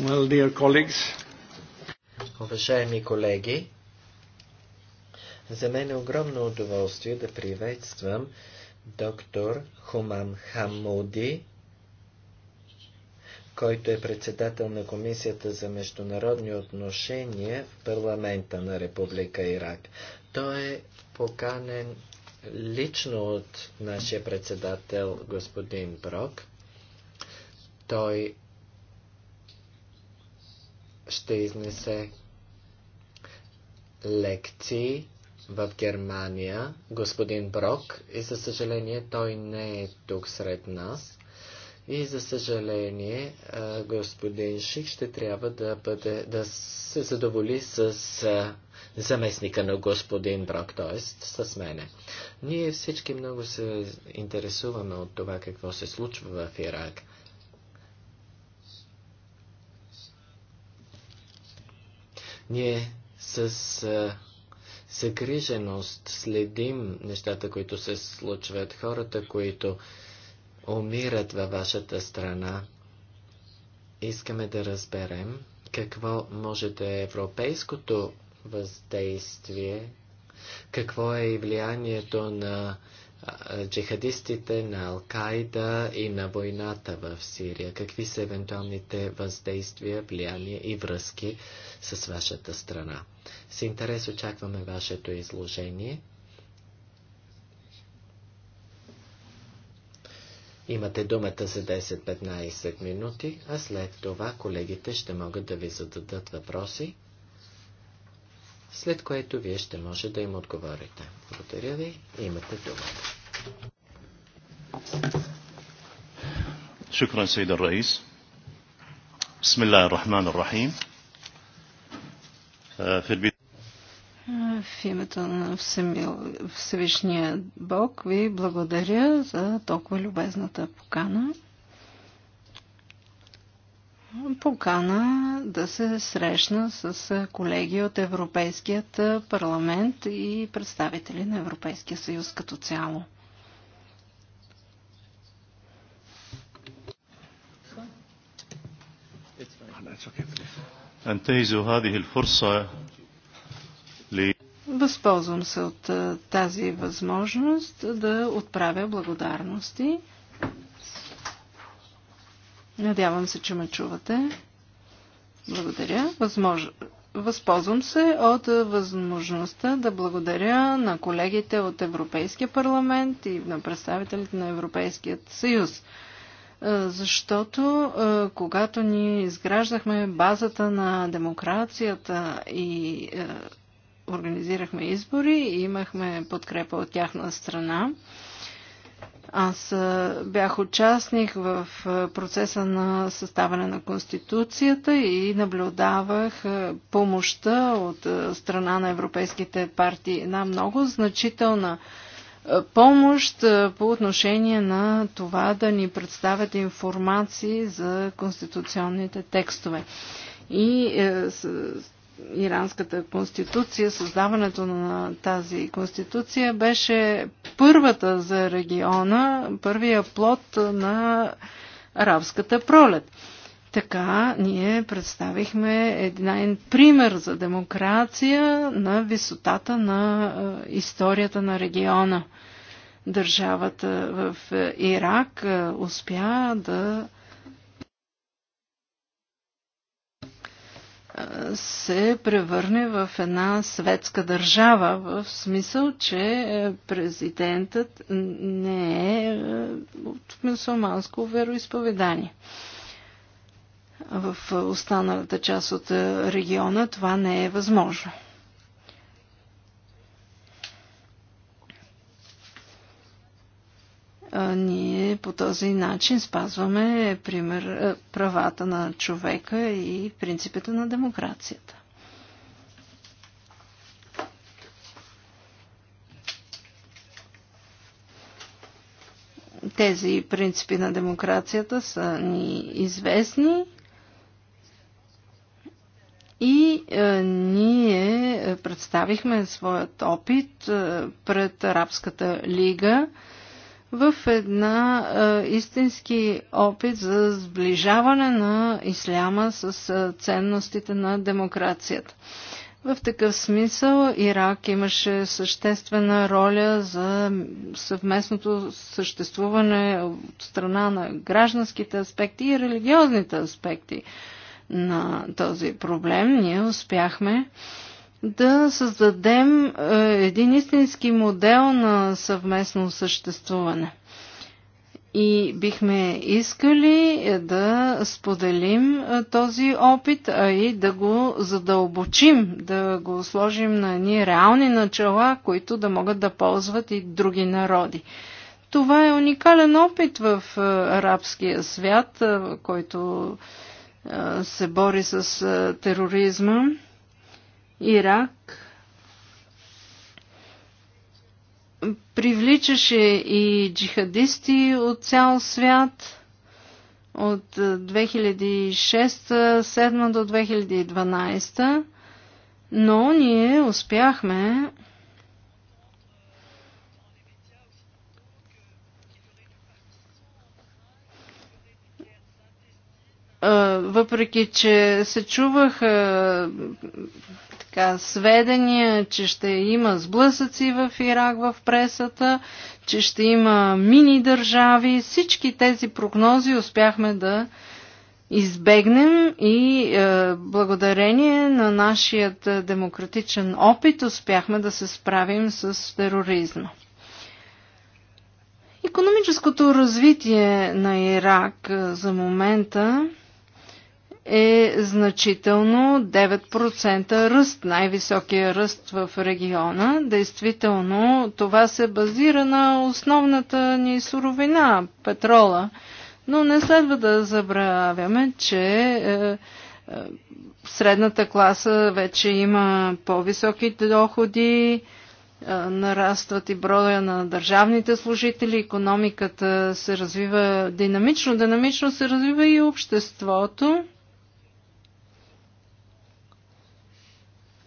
Well, dear colleagues. Уважаеми колеги, за мен е огромно удоволствие да приветствам доктор Хумам Хамуди, който е председател на Комисията за международни отношения в парламента на Република Ирак. Той е поканен лично от нашия председател господин Брок. Той ще изнесе лекции в Германия, господин Брок, и за съжаление той не е тук сред нас. И за съжаление, господин Шик ще трябва да, бъде, да се задоволи с заместника на господин Брок, т.е. с мене. Ние всички много се интересуваме от това какво се случва в Ирак. Ние с загриженост следим нещата, които се случват, хората, които умират във вашата страна. Искаме да разберем какво може да е европейското въздействие, какво е и влиянието на джихадистите, на Алкайда и на войната в Сирия? Какви са евентуалните въздействия, влияния и връзки с вашата страна? С интерес очакваме вашето изложение. Имате думата за 10-15 минути, а след това колегите ще могат да ви зададат въпроси след което вие ще може да им отговорите. Благодаря ви и имате думата. Шукран سيد Раис. بسم Рахман Рахим. в името на Всевишния Бог ви благодаря за толкова любезната покана покана да се срещна с колеги от Европейският парламент и представители на Европейския съюз като цяло. Възползвам се от тази възможност да отправя благодарности Надявам се, че ме чувате. Благодаря. Възмож... Възползвам се от възможността да благодаря на колегите от Европейския парламент и на представителите на Европейският съюз. Защото когато ни изграждахме базата на демокрацията и организирахме избори и имахме подкрепа от тяхна страна, аз бях участник в процеса на съставане на Конституцията и наблюдавах помощта от страна на европейските партии. Една много значителна помощ по отношение на това да ни представят информации за конституционните текстове. И е, иранската конституция, създаването на тази конституция беше първата за региона, първия плод на арабската пролет. Така ние представихме един пример за демокрация на висотата на историята на региона. Държавата в Ирак успя да се превърне в една светска държава, в смисъл, че е, президентът не е, е от мусулманско вероисповедание. В останалата част от е, региона това не е възможно. по този начин спазваме пример, е, правата на човека и принципите на демокрацията. Тези принципи на демокрацията са ни известни и е, ние представихме своят опит е, пред Арабската лига. Е, в една а, истински опит за сближаване на исляма с а, ценностите на демокрацията. В такъв смисъл Ирак имаше съществена роля за съвместното съществуване от страна на гражданските аспекти и религиозните аспекти на този проблем. Ние успяхме а, да създадем е, един истински модел на съвместно съществуване. И бихме искали е, да споделим е, този опит, а и да го задълбочим, да го сложим на едни реални начала, които да могат да ползват и други народи. Това е уникален опит в арабския свят, който се бори с тероризма Ирак привличаше и джихадисти от цял свят от 2006-2007 е, до 2012, но ние успяхме въпреки че се чуваха така, сведения, че ще има сблъсъци в Ирак в пресата, че ще има мини държави, всички тези прогнози успяхме да избегнем и е, благодарение на нашият демократичен опит успяхме да се справим с тероризма. Економическото развитие на Ирак е, за момента е значително 9% ръст, най-високия ръст в региона. Действително това се базира на основната ни суровина – петрола. Но не следва да забравяме, че е, е, средната класа вече има по-високи доходи, е, нарастват и броя на държавните служители, економиката се развива динамично, динамично се развива и обществото.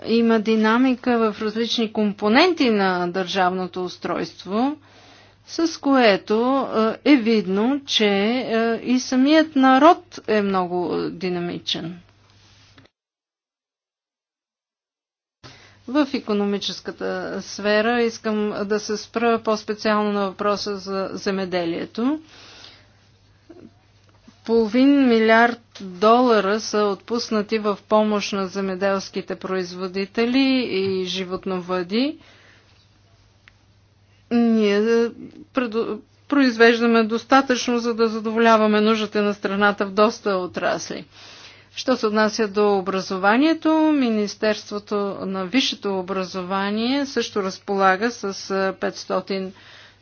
има динамика в различни компоненти на държавното устройство, с което е, е видно, че е, и самият народ е много динамичен. В економическата сфера искам да се спра по-специално на въпроса за земеделието половин милиард долара са отпуснати в помощ на земеделските производители и животновъди. Ние е, произвеждаме достатъчно, за да задоволяваме нуждите на страната в доста отрасли. Що се отнася до образованието, Министерството на висшето образование също разполага с 500 е,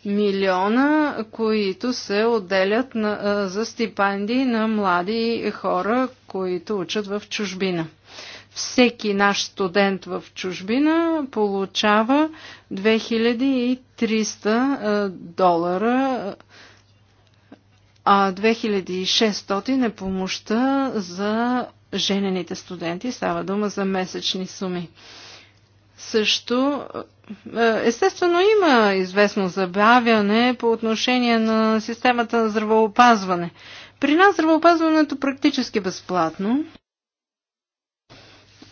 милиона, които се отделят на, за стипендии на млади хора, които учат в чужбина. Всеки наш студент в чужбина получава 2300 долара, а 2600 е помощта за женените студенти. Става дума за месечни суми. Също е, естествено има известно забавяне по отношение на системата на здравеопазване. При нас здравеопазването практически безплатно,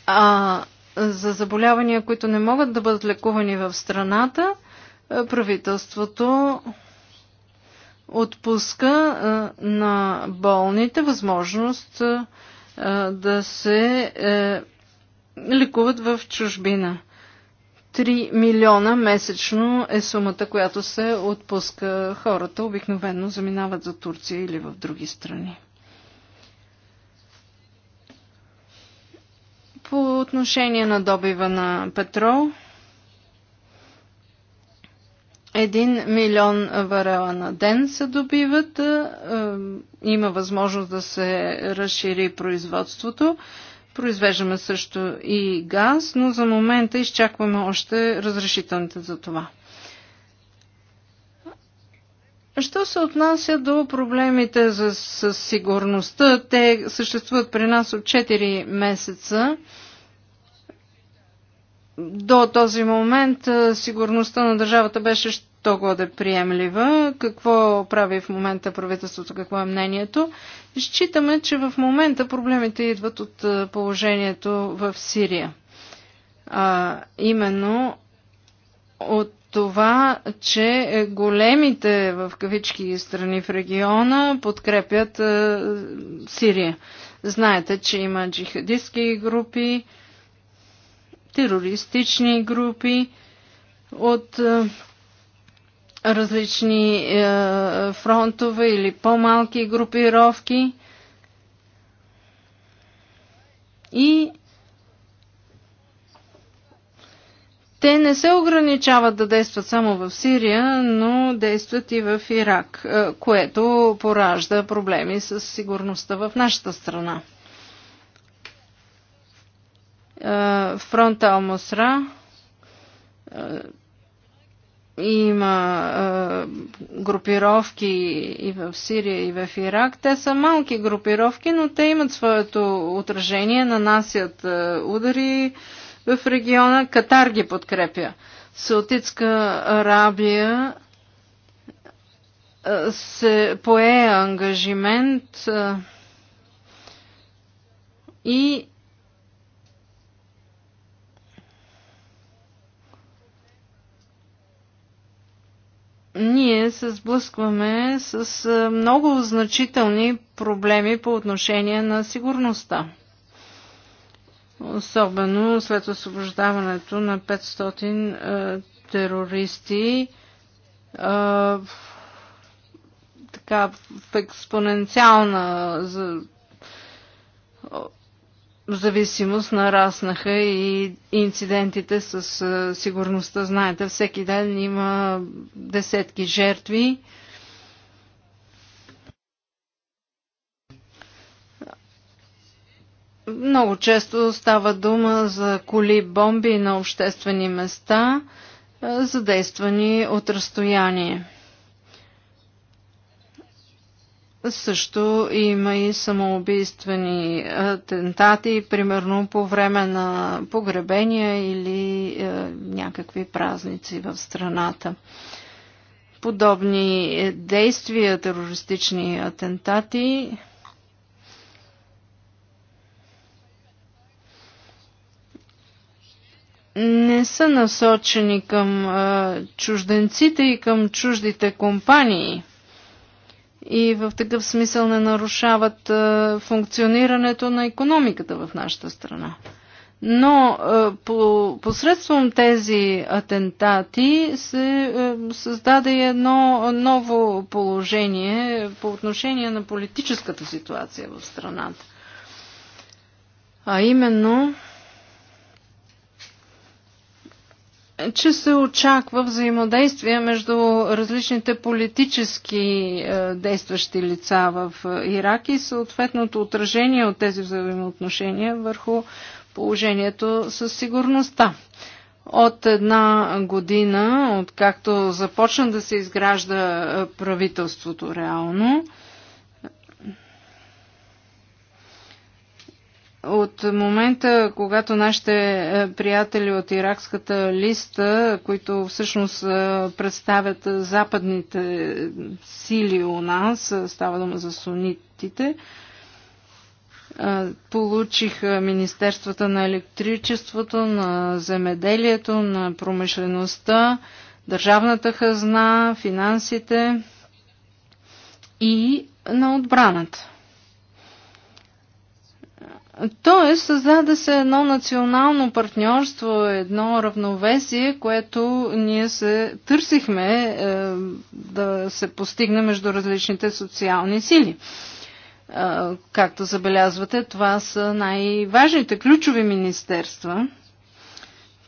а за заболявания, които не могат да бъдат лекувани в страната, е, правителството отпуска е, на болните възможност да се лекуват в чужбина. 3 милиона месечно е сумата, която се отпуска. Хората обикновено заминават за Турция или в други страни. По отношение на добива на петрол, 1 милион варела на ден се добиват. Е, има възможност да се разшири производството. Произвеждаме също и газ, но за момента изчакваме още разрешителните за това. Що се отнася до проблемите за, с сигурността, те съществуват при нас от 4 месеца. До този момент сигурността на държавата беше да е приемлива, какво прави в момента правителството, какво е мнението. Считаме, че в момента проблемите идват от положението в Сирия. А, именно от това, че големите в кавички страни в региона подкрепят а, Сирия. Знаете, че има джихадистски групи, терористични групи от а, различни е, фронтове или по-малки групировки. И те не се ограничават да действат само в Сирия, но действат и в Ирак, е, което поражда проблеми с сигурността в нашата страна. Е, фронта Алмосра е, има а, групировки и в Сирия, и в Ирак. Те са малки групировки, но те имат своето отражение, нанасят а, удари в региона. Катар ги подкрепя. Саутитска Арабия а, се пое ангажимент а, и ние се сблъскваме с е, много значителни проблеми по отношение на сигурността. Особено след освобождаването на 500 е, терористи е, така в експоненциална за, зависимост нараснаха и инцидентите с сигурността. Знаете, всеки ден има десетки жертви. Много често става дума за коли бомби на обществени места, задействани от разстояние. Също има и самоубийствени атентати, примерно по време на погребения или е, някакви празници в страната. Подобни действия, терористични атентати не са насочени към е, чужденците и към чуждите компании – и в такъв смисъл не нарушават е, функционирането на економиката в нашата страна. Но е, по, посредством тези атентати се е, създаде едно ново положение по отношение на политическата ситуация в страната. А именно че се очаква взаимодействие между различните политически е, действащи лица в е, Ирак и съответното отражение от тези взаимоотношения върху положението със сигурността. От една година, откакто започна да се изгражда е, правителството реално, От момента, когато нашите е, приятели от иракската листа, които всъщност е, представят западните сили у нас, е, става дума за сунитите, получиха Министерствата на електричеството, на земеделието, на промишлеността, държавната хазна, финансите и на отбраната. Тоест, създаде се едно национално партньорство, едно равновесие, което ние се търсихме е, да се постигне между различните социални сили. Е, както забелязвате, това са най-важните ключови министерства,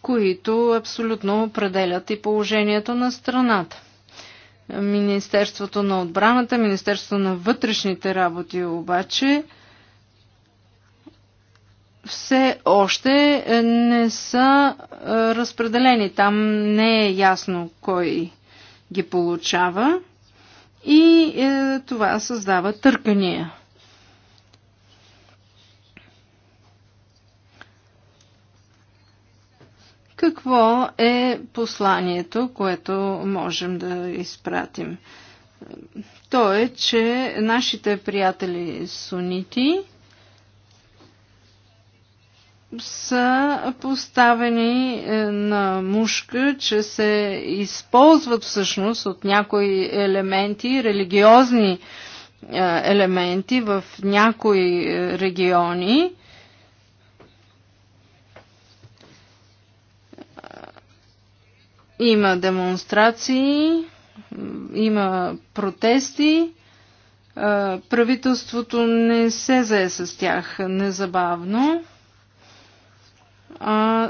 които абсолютно определят и положението на страната. Министерството на отбраната, Министерството на вътрешните работи обаче – все още е, не са е, разпределени. Там не е ясно кой ги получава и е, това създава търкания. Какво е посланието, което можем да изпратим? То е, че нашите приятели сунити са поставени е, на мушка, че се използват всъщност от някои елементи, религиозни е, елементи в някои е, региони. Има демонстрации, има протести. Правителството не се зае с тях незабавно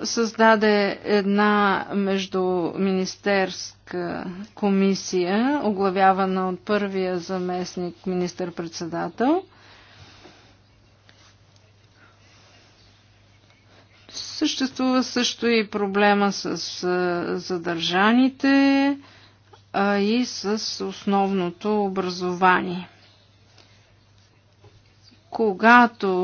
създаде една междуминистерска комисия, оглавявана от първия заместник министър-председател. Съществува също и проблема с задържаните а и с основното образование. Когато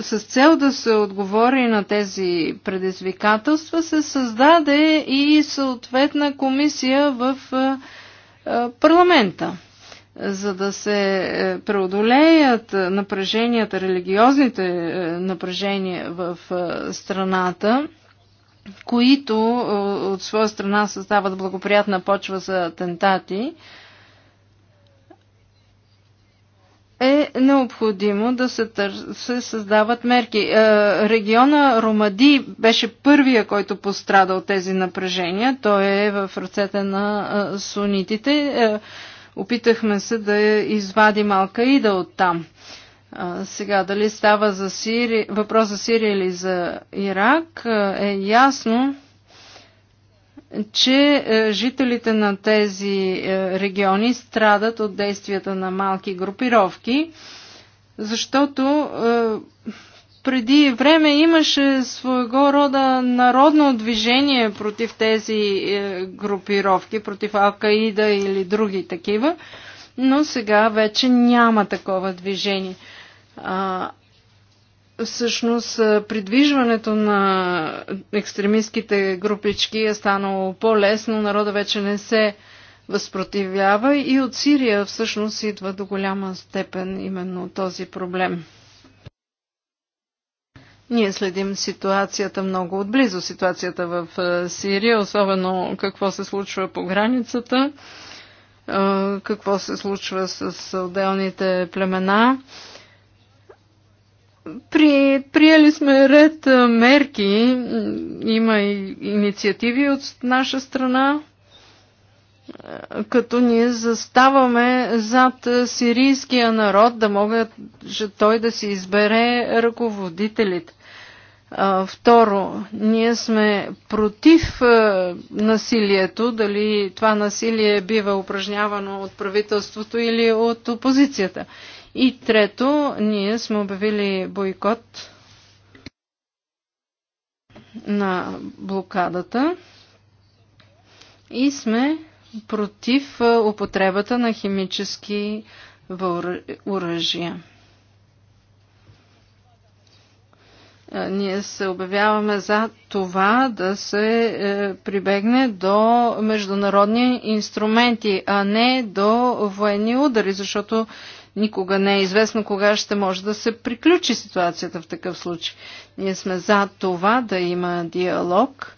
с цел да се отговори на тези предизвикателства, се създаде и съответна комисия в е, е, парламента, за да се е, преодолеят напреженията, религиозните напрежения в страната, които от своя страна създават благоприятна почва за атентати. е необходимо да се, тър... се създават мерки. Е, региона Ромади беше първия, който пострада от тези напрежения. Той е в ръцете на е, сунитите. Е, опитахме се да извадим Алкаида от там. Е, сега, дали става за Сири... въпрос за Сирия или за Ирак, е, е ясно че е, жителите на тези е, региони страдат от действията на малки групировки, защото е, преди време имаше своего рода народно движение против тези групировки, против Алкаида или други такива, но сега вече няма такова движение всъщност придвижването на екстремистските групички е станало по-лесно, народа вече не се възпротивява и от Сирия всъщност идва до голяма степен именно този проблем. Ние следим ситуацията много отблизо, ситуацията в Сирия, особено какво се случва по границата, какво се случва с отделните племена. При, приели сме ред мерки, има и инициативи от наша страна, като ние заставаме зад сирийския народ, да мога той да си избере ръководителите. Второ, ние сме против насилието, дали това насилие бива упражнявано от правителството или от опозицията. И трето, ние сме обявили бойкот на блокадата и сме против употребата на химически оръжия. Ние се обявяваме за това да се е, прибегне до международни инструменти, а не до военни удари, защото Никога не е известно кога ще може да се приключи ситуацията в такъв случай. Ние сме за това да има диалог,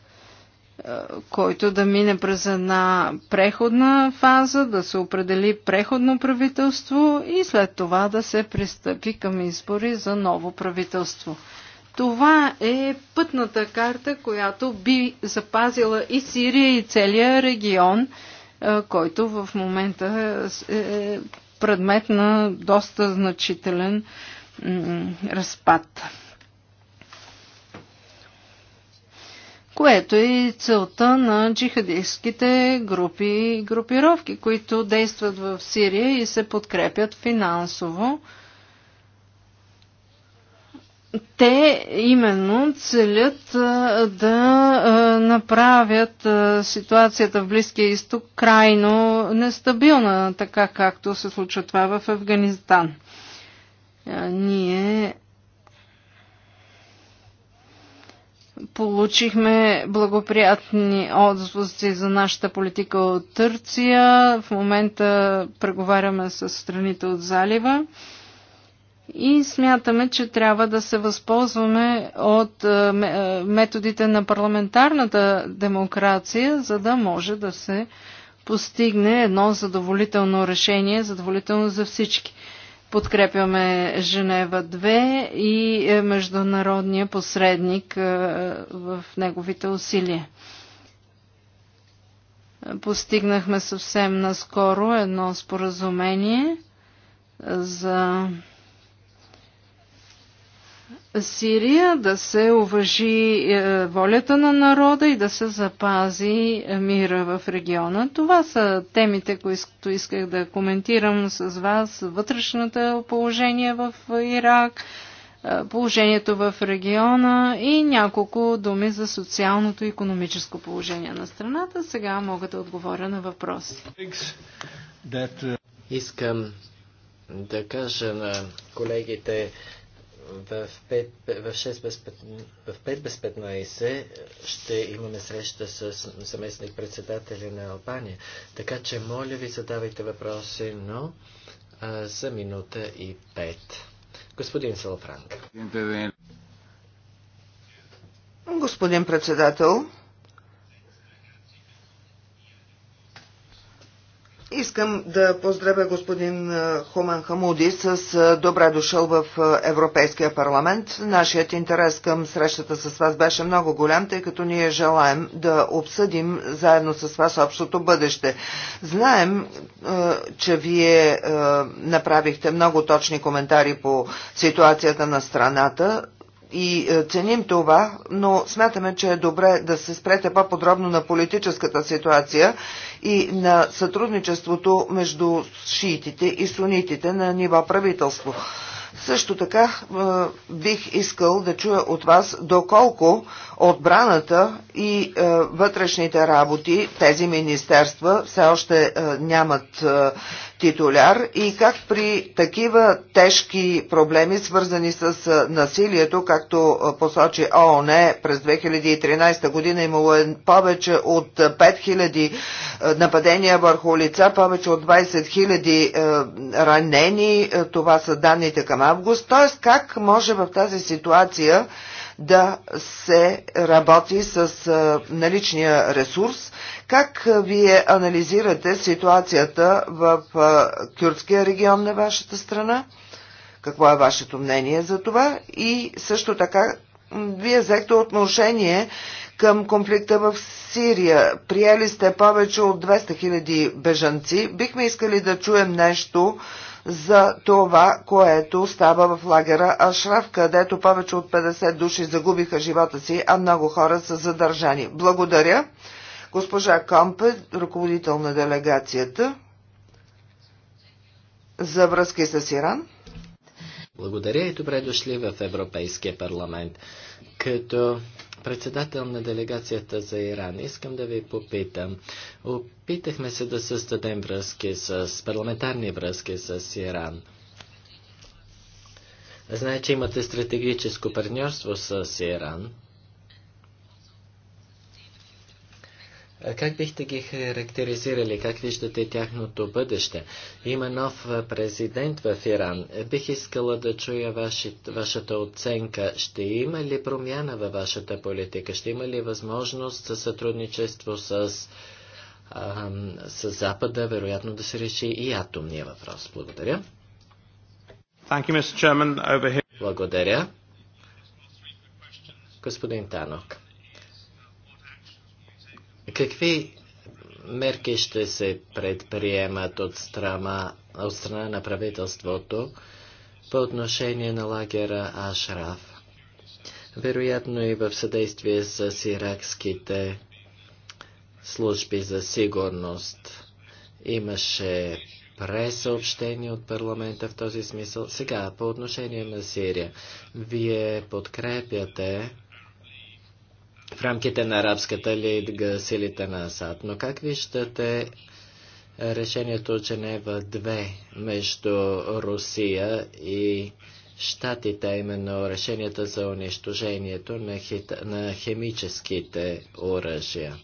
е, който да мине през една преходна фаза, да се определи преходно правителство и след това да се пристъпи към избори за ново правителство. Това е пътната карта, която би запазила и Сирия, и целия регион, е, който в момента е, е предмет на доста значителен разпад. което е и целта на джихадистските групи и групировки, които действат в Сирия и се подкрепят финансово те именно целят да направят ситуацията в Близкия изток крайно нестабилна, така както се случва това в Афганистан. Ние получихме благоприятни отзвуци за нашата политика от Търция. В момента преговаряме с страните от залива и смятаме, че трябва да се възползваме от е, е, методите на парламентарната демокрация, за да може да се постигне едно задоволително решение, задоволително за всички. Подкрепяме Женева 2 и е, международния посредник в неговите усилия. Постигнахме съвсем наскоро едно споразумение за Сирия, да се уважи е, волята на народа и да се запази е, мира в региона. Това са темите, които исках да коментирам с вас. Вътрешната положение в Ирак, е, положението в региона и няколко думи за социалното и економическо положение на страната. Сега мога да отговоря на въпроси. Искам да кажа на колегите, в 5, в 6 без в 5 без 15 ще имаме среща с заместник председателя на Албания. Така че, моля ви, задавайте въпроси, но а, за минута и 5. Господин Салфранк. Господин председател, Искам да поздравя господин Хуман Хамуди с добре дошъл в Европейския парламент. Нашият интерес към срещата с вас беше много голям, тъй като ние желаем да обсъдим заедно с вас общото бъдеще. Знаем, че вие направихте много точни коментари по ситуацията на страната и е, ценим това, но смятаме, че е добре да се спрете по-подробно на политическата ситуация и на сътрудничеството между шиитите и сунитите на ниво правителство. Също така е, бих искал да чуя от вас доколко отбраната и е, вътрешните работи, тези министерства все още е, нямат е, титуляр и как при такива тежки проблеми, свързани с е, насилието, както е, посочи ООН през 2013 година имало е повече от 5000 е, нападения върху лица, повече от 20 000 ранени, това са данните към август, т.е. как може в тази ситуация да се работи с наличния ресурс. Как вие анализирате ситуацията в кюртския регион на вашата страна? Какво е вашето мнение за това? И също така, вие взехте отношение към конфликта в Сирия. Приели сте повече от 200 000 бежанци. Бихме искали да чуем нещо за това, което става в лагера Ашраф, където повече от 50 души загубиха живота си, а много хора са задържани. Благодаря. Госпожа Компе, ръководител на делегацията за връзки с Иран. Благодаря и добре дошли в Европейския парламент. Като председател на делегацията за Иран, искам да ви попитам. Опитахме се да създадем връзки с парламентарни връзки с Иран. Знае, че имате стратегическо партньорство с Иран. Е, как бихте ги характеризирали? Как виждате тяхното бъдеще? Има нов е, президент в Иран. Е, бих искала да чуя вашата оценка. Ще има ли промяна във вашата политика? Ще има ли възможност за сътрудничество с, ам, с Запада, вероятно да се реши и атомния въпрос? Благодаря. Благодаря. Господин Танок. Какви мерки ще се предприемат от страна, от страна на правителството по отношение на лагера Ашраф? Вероятно и в съдействие с иракските служби за сигурност. Имаше пресъобщение от парламента в този смисъл. Сега, по отношение на Сирия. Вие подкрепяте в рамките на арабската лига силите на Асад. Но как виждате решението Женева е 2 между Русия и Штатите, именно решенията за унищожението на, хит... на химическите оръжия?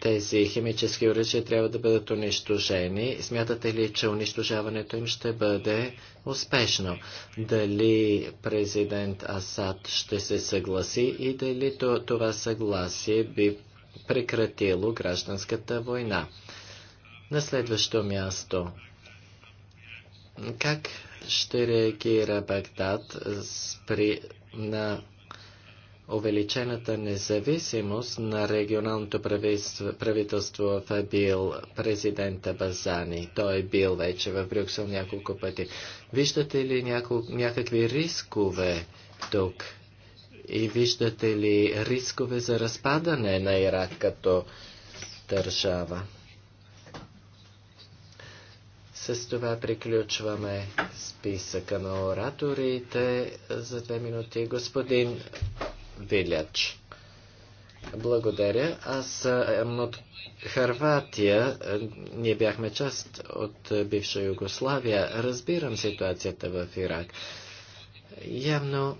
тези химически оръжия трябва да бъдат унищожени. Смятате ли, че унищожаването им ще бъде успешно? Дали президент Асад ще се съгласи и дали това съгласие би прекратило гражданската война? На следващо място. Как ще реагира Багдад при, на увеличената независимост на регионалното правителство, в е бил президента Базани. Той е бил вече в Брюксел няколко пъти. Виждате ли няко, някакви рискове тук? И виждате ли рискове за разпадане на Ирак като държава? С това приключваме списъка на ораторите за две минути. Господин Виляч. Благодаря. Аз съм е, от Харватия. Е, ние бяхме част от е, бивша Югославия. Разбирам ситуацията в Ирак. Явно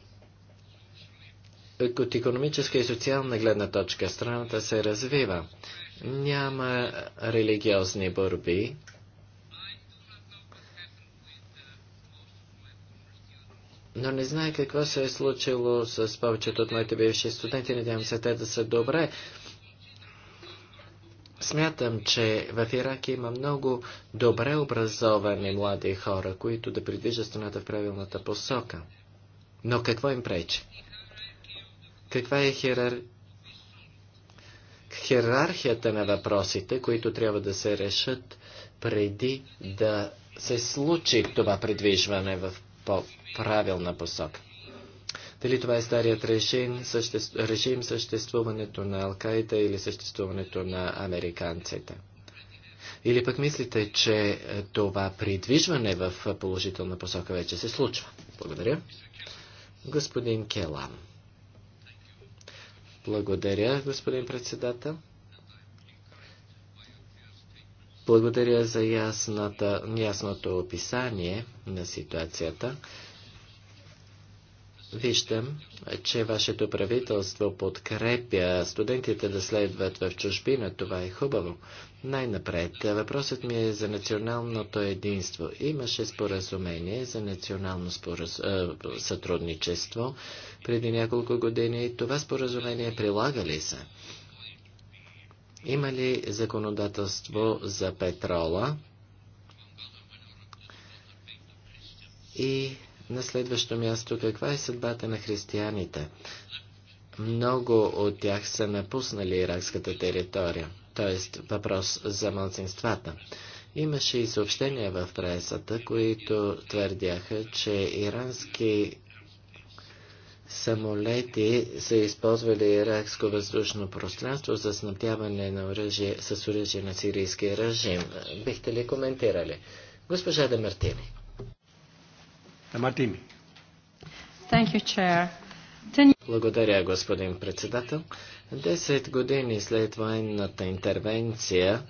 от економическа и социална гледна точка страната се развива. Няма религиозни борби. но не знае какво се е случило с повечето от моите бивши студенти. Надявам се те да са добре. Смятам, че в Ирак има много добре образовани млади хора, които да придвижат страната в правилната посока. Но какво им пречи? Каква е хирар... хирархията на въпросите, които трябва да се решат преди да се случи това придвижване в по-правилна посока. Дали това е старият режим, съществ... режим съществуването на Алкаида или съществуването на американците? Или пък мислите, че е, това придвижване в положителна посока вече се случва? Благодаря. Господин Келам. Благодаря, господин председател. Благодаря за ясната, ясното описание на ситуацията. Виждам, че вашето правителство подкрепя студентите да следват в чужбина. Това е хубаво. Най-напред, въпросът ми е за националното единство. Имаше споразумение за национално спораз... сътрудничество преди няколко години. Това споразумение прилага ли се? Има ли законодателство за петрола? И на следващо място, каква е съдбата на християните? Много от тях са напуснали иракската територия, т.е. въпрос за мълцинствата. Имаше и съобщения в пресата, които твърдяха, че ирански самолети са използвали иракско въздушно пространство за снабдяване на оръжие, с оръжие на сирийския режим. Бихте ли коментирали? Госпожа Демартини. Благодаря, господин председател. Десет години след военната интервенция,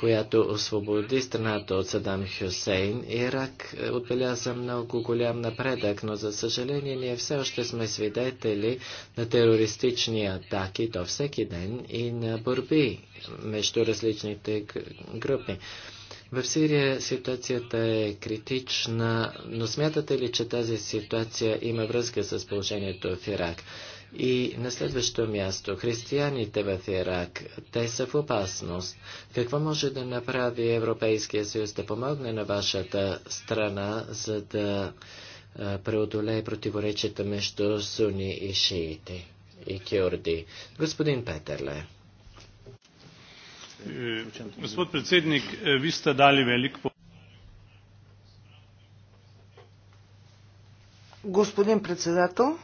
която освободи страната от Садам Хюсейн, Ирак е, отбеляза много голям напредък, но за съжаление ние все още сме свидетели на терористични атаки до всеки ден и на борби между различните групи. В Сирия ситуацията е критична, но смятате ли, че тази ситуация има връзка с положението в Ирак? И на следващо място, християните в Ирак, те са в опасност. Какво може да направи Европейския съюз да помогне на вашата страна, за да преодолее противоречията между суни и шиите и кюрди? Господин Петерле. Gospod predsednik, vi ste dali velik Господин председател,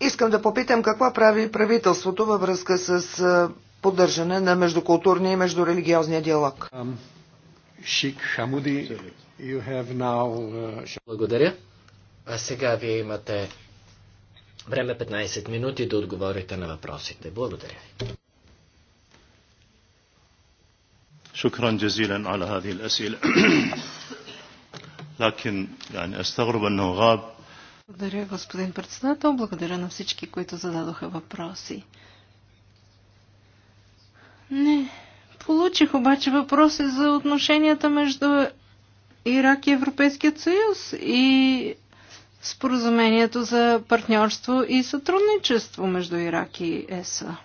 искам да попитам какво прави правителството във връзка с е, поддържане на междукултурния и междурелигиозния диалог. Um, Шик Хамуди, you have now... Uh, Благодаря. А сега вие имате време 15 минути да отговорите на въпросите. Благодаря ви. شكرا جزيلا على هذه الأسئلة لكن يعني أستغرب أنه غاب Благодаря, господин председател. Благодаря на всички, които зададоха въпроси. Не. Получих обаче въпроси за отношенията между Ирак и Европейският съюз и споразумението за партньорство и сътрудничество между Ирак и ЕСА.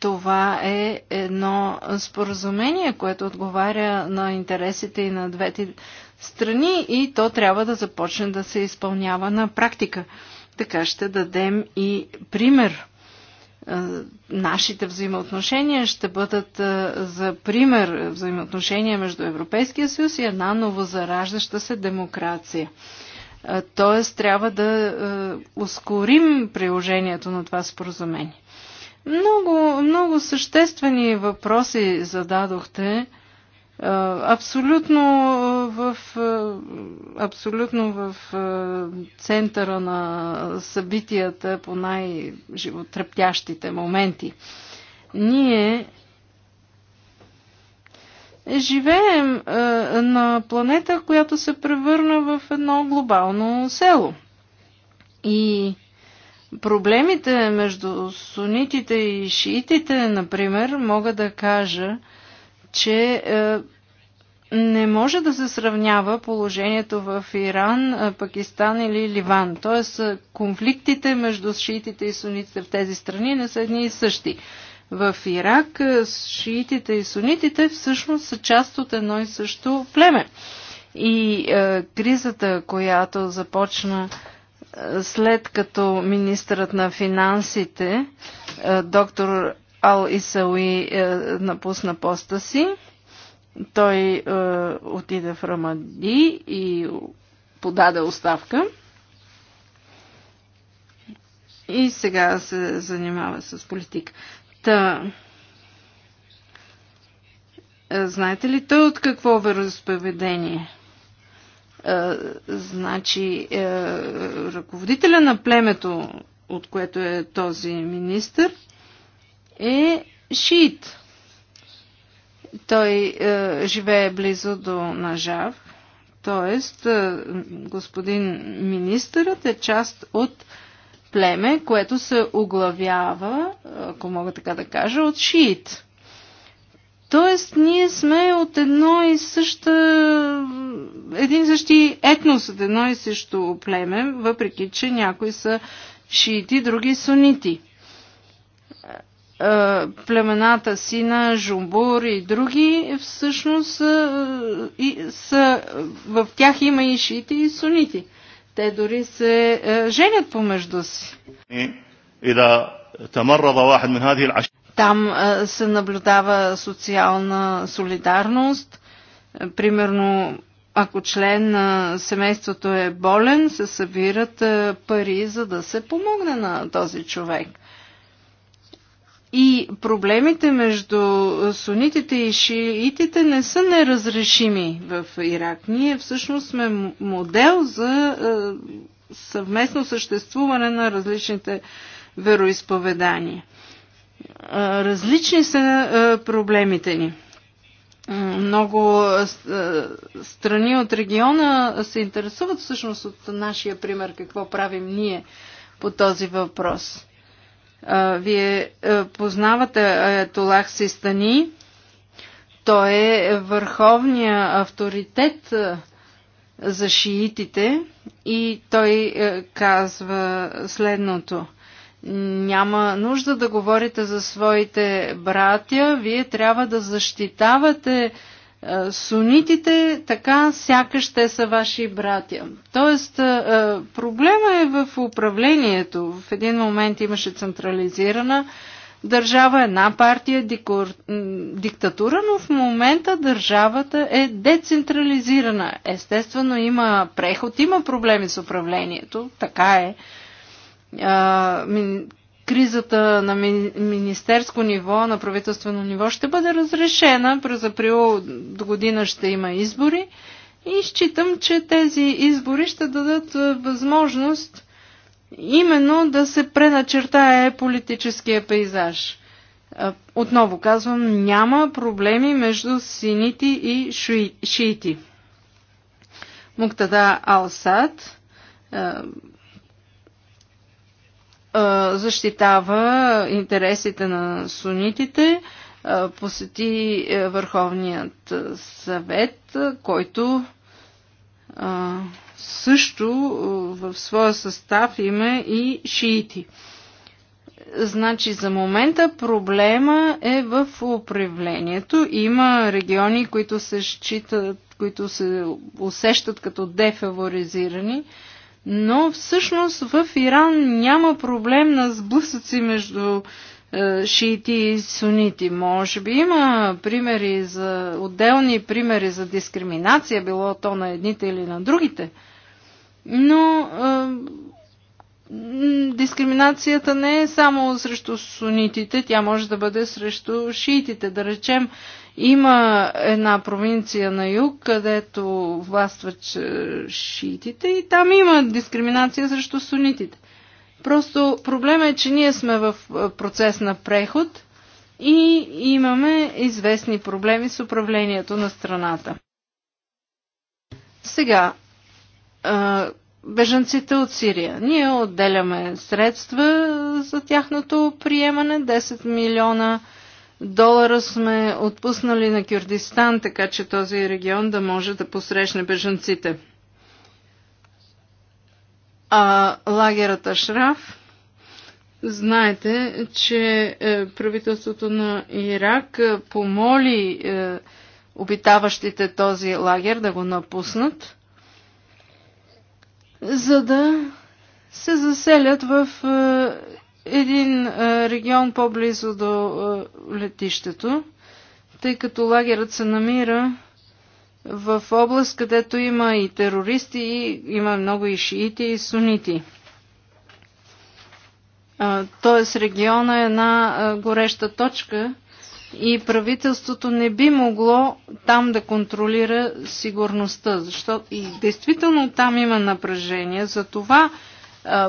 Това е едно споразумение, което отговаря на интересите и на двете страни и то трябва да започне да се изпълнява на практика. Така ще дадем и пример. Е, нашите взаимоотношения ще бъдат е, за пример взаимоотношения между Европейския съюз и една новозараждаща се демокрация. Е, тоест трябва да ускорим приложението на това споразумение. Много, много съществени въпроси зададохте. Абсолютно в, абсолютно в центъра на събитията по най-животрептящите моменти. Ние живеем на планета, която се превърна в едно глобално село. И проблемите между сунитите и шиитите, например, мога да кажа, че е, не може да се сравнява положението в Иран, е, Пакистан или Ливан. Тоест е, конфликтите между шиитите и сунитите в тези страни не са едни и същи. В Ирак шиитите и сунитите всъщност са част от едно и също племе. И е, кризата, която започна е, след като министърът на финансите е, доктор Ал Исауи е, напусна поста си. Той е, отиде в Рамади и подаде оставка. И сега се занимава с политика. Та, е, знаете ли той от какво вероисповедение? Е, значи, е, ръководителя на племето, от което е този министр, е шиит. Той е, живее близо до Нажав. т.е. е, господин министърът е част от племе, което се оглавява, ако мога така да кажа, от шиит. Тоест, ние сме от едно и съща, един и същи етнос, от едно и също племе, въпреки че някои са шиити, други сунити. Е, племената Сина, Жумбур и други, всъщност е, и, са, в тях има и шиити и сунити. Те дори се е, женят помежду си. Там се наблюдава социална солидарност. Примерно, ако член на семейството е болен, се събират пари, за да се помогне на този човек и проблемите между сунитите и шиитите не са неразрешими в Ирак. Ние всъщност сме модел за е, съвместно съществуване на различните вероисповедания. Е, различни са е, проблемите ни. Много страни от региона се интересуват всъщност от нашия пример, какво правим ние по този въпрос. Вие познавате Аятолах Систани. Той е върховният авторитет за шиитите и той казва следното. Няма нужда да говорите за своите братя, вие трябва да защитавате е, сунитите, така сякаш те са ваши братя. Тоест, е, е, проблема е в управлението. В един момент имаше централизирана държава, една партия, дикор... диктатура, но в момента държавата е децентрализирана. Естествено, има преход, има проблеми с управлението, така е кризата на министерско ниво, на правителствено ниво ще бъде разрешена. През април до година ще има избори и считам, че тези избори ще дадат е, възможност именно да се преначертае политическия пейзаж. Е, отново казвам, няма проблеми между синити и шиити. Муктада Алсад е, защитава интересите на сунитите, посети е, Върховният съвет, който също в своя състав има и шиити. Значи за момента проблема е в управлението. Има региони, които се считат, които се усещат като дефаворизирани но всъщност в Иран няма проблем на сблъсъци между е, шиити и сунити. Може би има примери за отделни примери за дискриминация, било то на едните или на другите, но е, дискриминацията не е само срещу сунитите, тя може да бъде срещу шиитите. Да речем, има една провинция на юг, където властват шиитите и там има дискриминация срещу сунитите. Просто проблема е, че ние сме в процес на преход и имаме известни проблеми с управлението на страната. Сега, бежанците от Сирия. Ние отделяме средства за тяхното приемане, 10 милиона долара сме отпуснали на Кюрдистан, така че този регион да може да посрещне бежанците. А лагерът Ашраф, знаете, че е, правителството на Ирак е, помоли е, обитаващите този лагер да го напуснат, за да се заселят в един е, регион по-близо до е, летището, тъй като лагерът се намира в област, където има и терористи, и има много и шиити, и сунити. Тоест региона е една е, гореща точка и правителството не би могло там да контролира сигурността, защото и действително там има напрежение. Затова това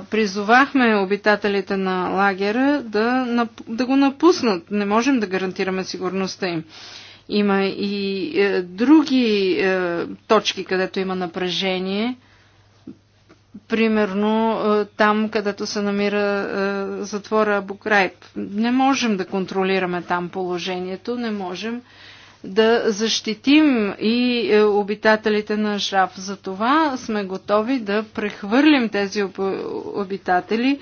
призовахме обитателите на лагера да, да го напуснат. Не можем да гарантираме сигурността им. Има и е, други е, точки, където има напрежение. Примерно е, там, където се намира е, затвора Букрайп. Не можем да контролираме там положението, не можем да защитим и е, обитателите на Ашраф. За това сме готови да прехвърлим тези обитатели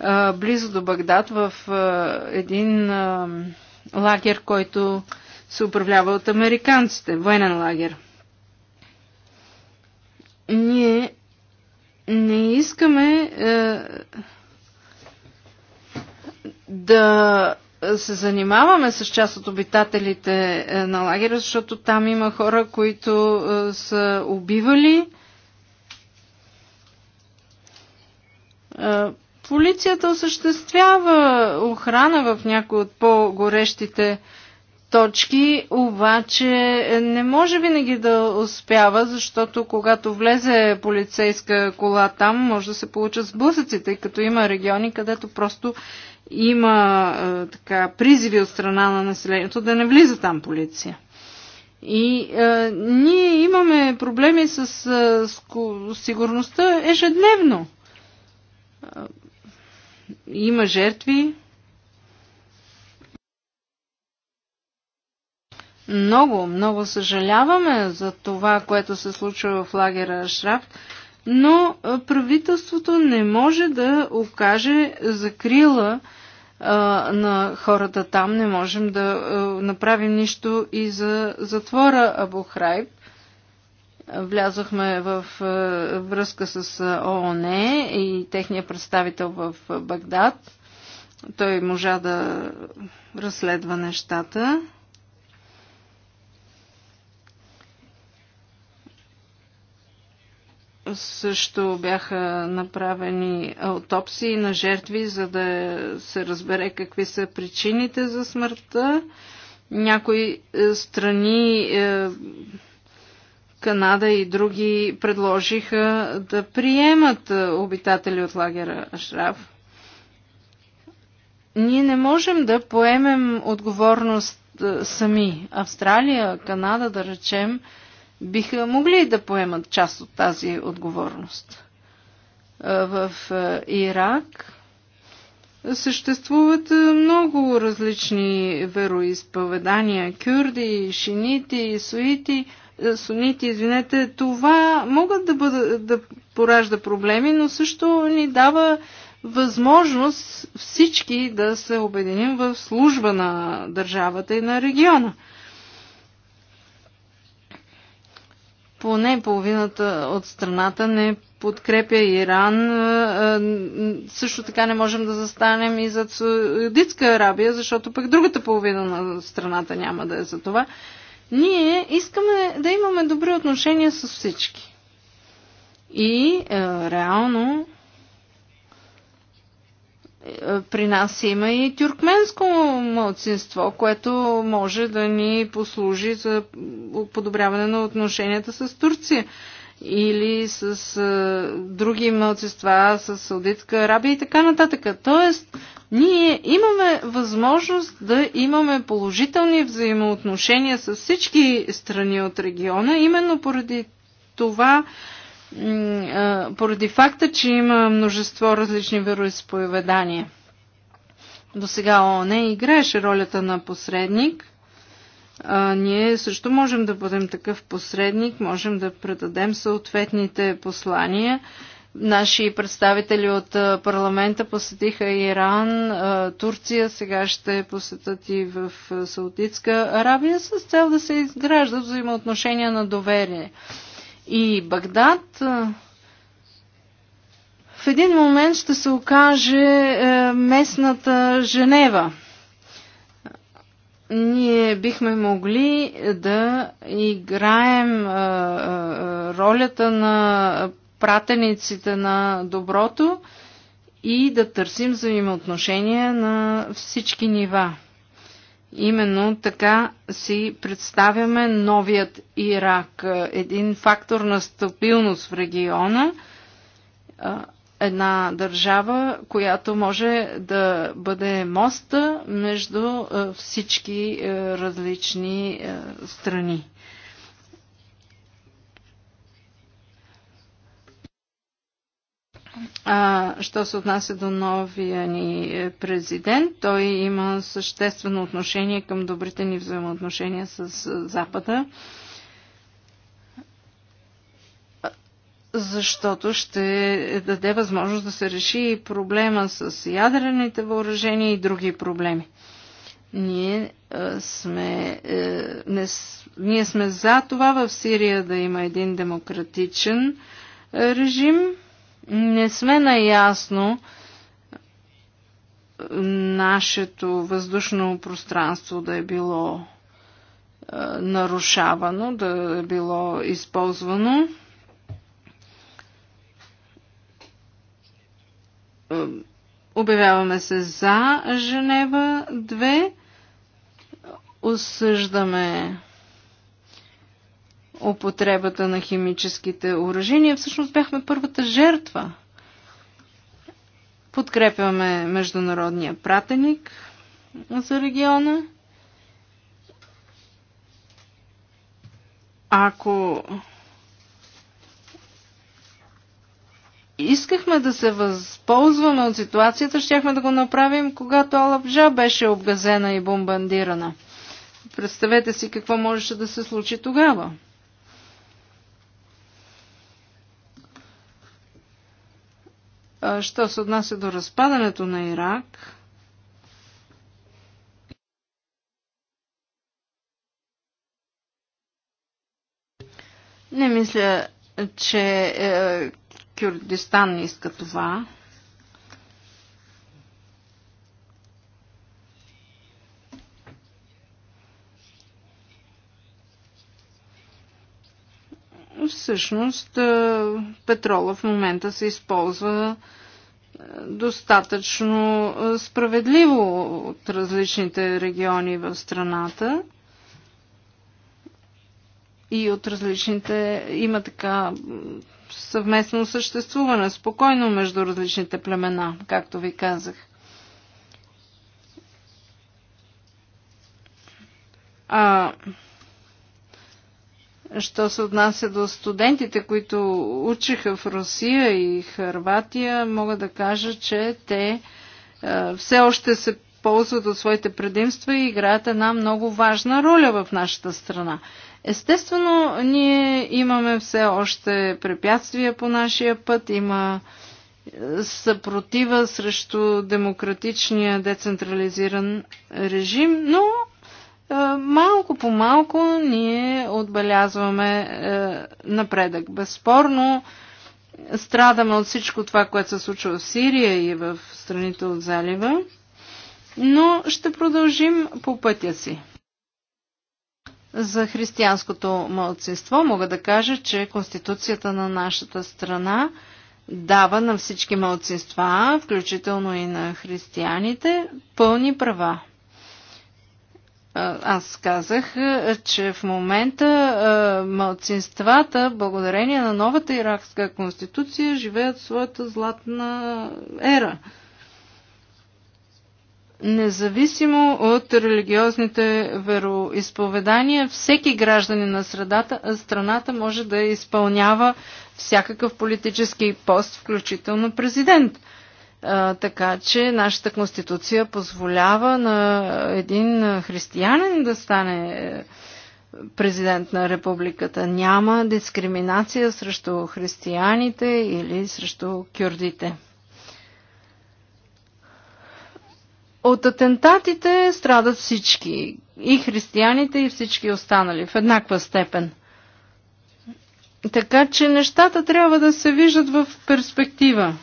е, близо до Багдад в е, един лагер, който се управлява от американците, военен лагер. Ние не искаме е, да се занимаваме с част от обитателите е, на лагера, защото там има хора, които е, са убивали. Е, полицията осъществява охрана в някои от по-горещите точки, обаче не може винаги да успява, защото когато влезе полицейска кола там, може да се получат сблъсъци, тъй като има региони, където просто има а, така призиви от страна на населението да не влиза там полиция. И а, ние имаме проблеми с, а, с сигурността ежедневно. А, има жертви. Много, много съжаляваме за това, което се случва в лагера Шраф но правителството не може да окаже закрила на хората там. Не можем да направим нищо и за затвора Абу Храйб. Влязохме в връзка с ООН и техния представител в Багдад. Той можа да разследва нещата. Също бяха направени аутопсии на жертви, за да се разбере какви са причините за смъртта. Някои е, страни, е, Канада и други, предложиха да приемат е, обитатели от лагера Ашраф. Ние не можем да поемем отговорност сами. Австралия, Канада, да речем, биха могли да поемат част от тази отговорност. В Ирак съществуват много различни вероисповедания. Кюрди, шинити, суити, сунити, извинете. Това могат да, бъдат, да поражда проблеми, но също ни дава възможност всички да се обединим в служба на държавата и на региона. поне половината от страната не подкрепя Иран. Е, е, също така не можем да застанем и за Саудитска Арабия, защото пък другата половина на страната няма да е за това. Ние искаме да имаме добри отношения с всички. И е, реално при нас има и тюркменско младсинство, което може да ни послужи за подобряване на отношенията с Турция или с а, други младсинства, с Саудитска Арабия и така нататък. Тоест, ние имаме възможност да имаме положителни взаимоотношения с всички страни от региона, именно поради това, поради факта, че има множество различни вероисповедания. До сега ООН играеше ролята на посредник. А, ние също можем да бъдем такъв посредник, можем да предадем съответните послания. Наши представители от парламента посетиха Иран, Турция, сега ще посетат и в Саудитска Арабия с цел да се изграждат взаимоотношения на доверие и Багдад, в един момент ще се окаже е, местната Женева. Ние бихме могли да играем е, е, ролята на пратениците на доброто и да търсим взаимоотношения на всички нива. Именно така си представяме новият Ирак. Един фактор на стабилност в региона, една държава, която може да бъде моста между всички различни страни. А, що се отнася до новия ни президент, той има съществено отношение към добрите ни взаимоотношения с Запада, защото ще даде възможност да се реши и проблема с ядрените въоръжения и други проблеми. Ние е, сме, е, не, ние сме за това в Сирия да има един демократичен режим, не сме наясно нашето въздушно пространство да е било е, нарушавано, да е било използвано. Е, обявяваме се за Женева 2. Осъждаме употребата на химическите оръжения. Всъщност бяхме първата жертва. Подкрепяме международния пратеник за региона. Ако искахме да се възползваме от ситуацията, щяхме да го направим, когато Алабжа беше обгазена и бомбандирана. Представете си какво можеше да се случи тогава. Що се отнася до разпадането на Ирак, не мисля, че е, Кюрдистан иска това. всъщност е, петрола в момента се използва е, достатъчно е, справедливо от различните региони в страната и от различните има така съвместно съществуване, спокойно между различните племена, както ви казах. А, Що се отнася до студентите, които учиха в Русия и Харватия, мога да кажа, че те е, все още се ползват от своите предимства и играят една много важна роля в нашата страна. Естествено, ние имаме все още препятствия по нашия път, има е, съпротива срещу демократичния децентрализиран режим, но е, малко по малко ние отбелязваме е, напредък. Безспорно страдаме от всичко това, което се случва в Сирия и в страните от залива, но ще продължим по пътя си. За християнското мълцинство мога да кажа, че Конституцията на нашата страна дава на всички мълцинства, включително и на християните, пълни права. Аз казах, че в момента мълцинствата, благодарение на новата иракска конституция, живеят в своята златна ера. Независимо от религиозните вероисповедания, всеки гражданин на средата, страната може да изпълнява всякакъв политически пост, включително президент така че нашата конституция позволява на един християнин да стане е, президент на републиката. Няма дискриминация срещу християните или срещу кюрдите. От атентатите страдат всички. И християните, и всички останали. В еднаква степен. Така че нещата трябва да се виждат в перспектива.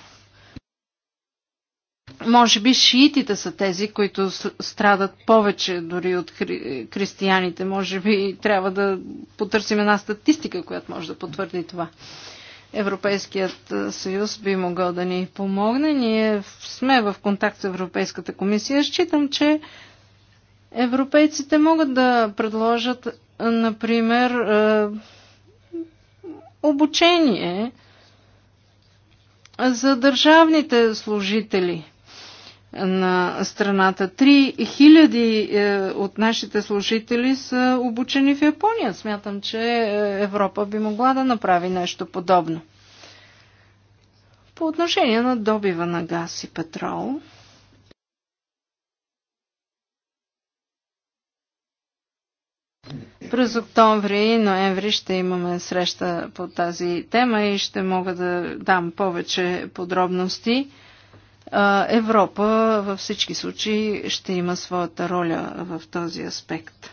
Може би шиитите са тези, които страдат повече дори от хри... християните. Може би трябва да потърсим една статистика, която може да потвърди това. Европейският съюз би могъл да ни помогне. Ние сме в контакт с Европейската комисия. Считам, че европейците могат да предложат, например, обучение за държавните служители на страната. 3000 е, от нашите служители са обучени в Япония. Смятам, че е, Европа би могла да направи нещо подобно. По отношение на добива на газ и петрол, През октомври и ноември ще имаме среща по тази тема и ще мога да дам повече подробности. Европа във всички случаи ще има своята роля в този аспект.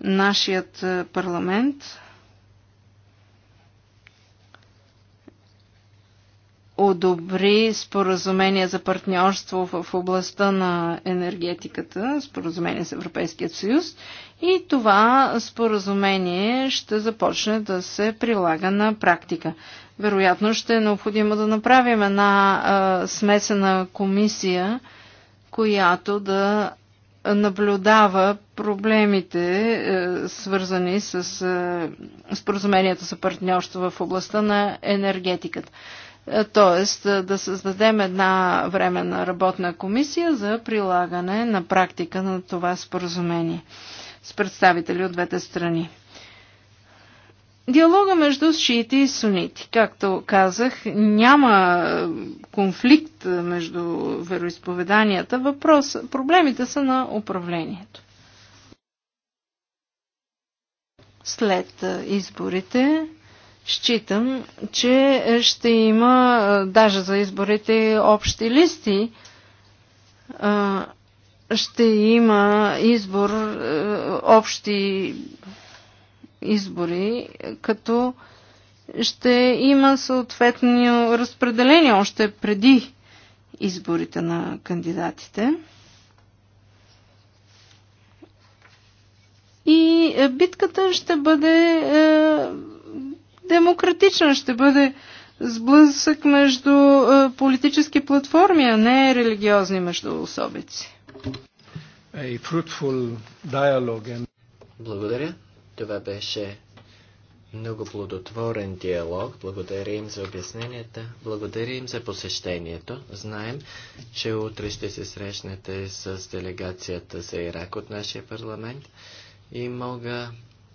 Нашият парламент одобри споразумение за партньорство в областта на енергетиката, споразумение с Европейския съюз и това споразумение ще започне да се прилага на практика вероятно ще е необходимо да направим една а, смесена комисия, която да наблюдава проблемите, а, е, свързани с е, споразумението за партньорство в областта на енергетиката. Е, тоест е, да създадем една временна работна комисия за прилагане на практика на това споразумение с представители от двете страни. Диалога между шиите и сунити. Както казах, няма конфликт между вероисповеданията. Въпрос, проблемите са на управлението. След изборите считам, че ще има даже за изборите общи листи ще има избор, общи избори, като ще има съответно разпределение още преди изборите на кандидатите. И е, битката ще бъде е, демократична, ще бъде сблъсък между е, политически платформи, а не религиозни между особици. Благодаря. Това беше много плодотворен диалог. Благодарим за обясненията. Благодарим за посещението. Знаем, че утре ще се срещнете с делегацията за Ирак от нашия парламент. И мога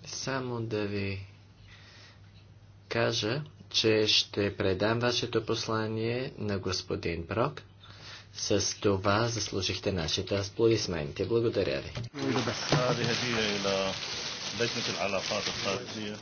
само да ви кажа, че ще предам вашето послание на господин Брок. С това заслужихте нашите аплодисменти. Благодаря ви. لجنة العلاقات الخارجية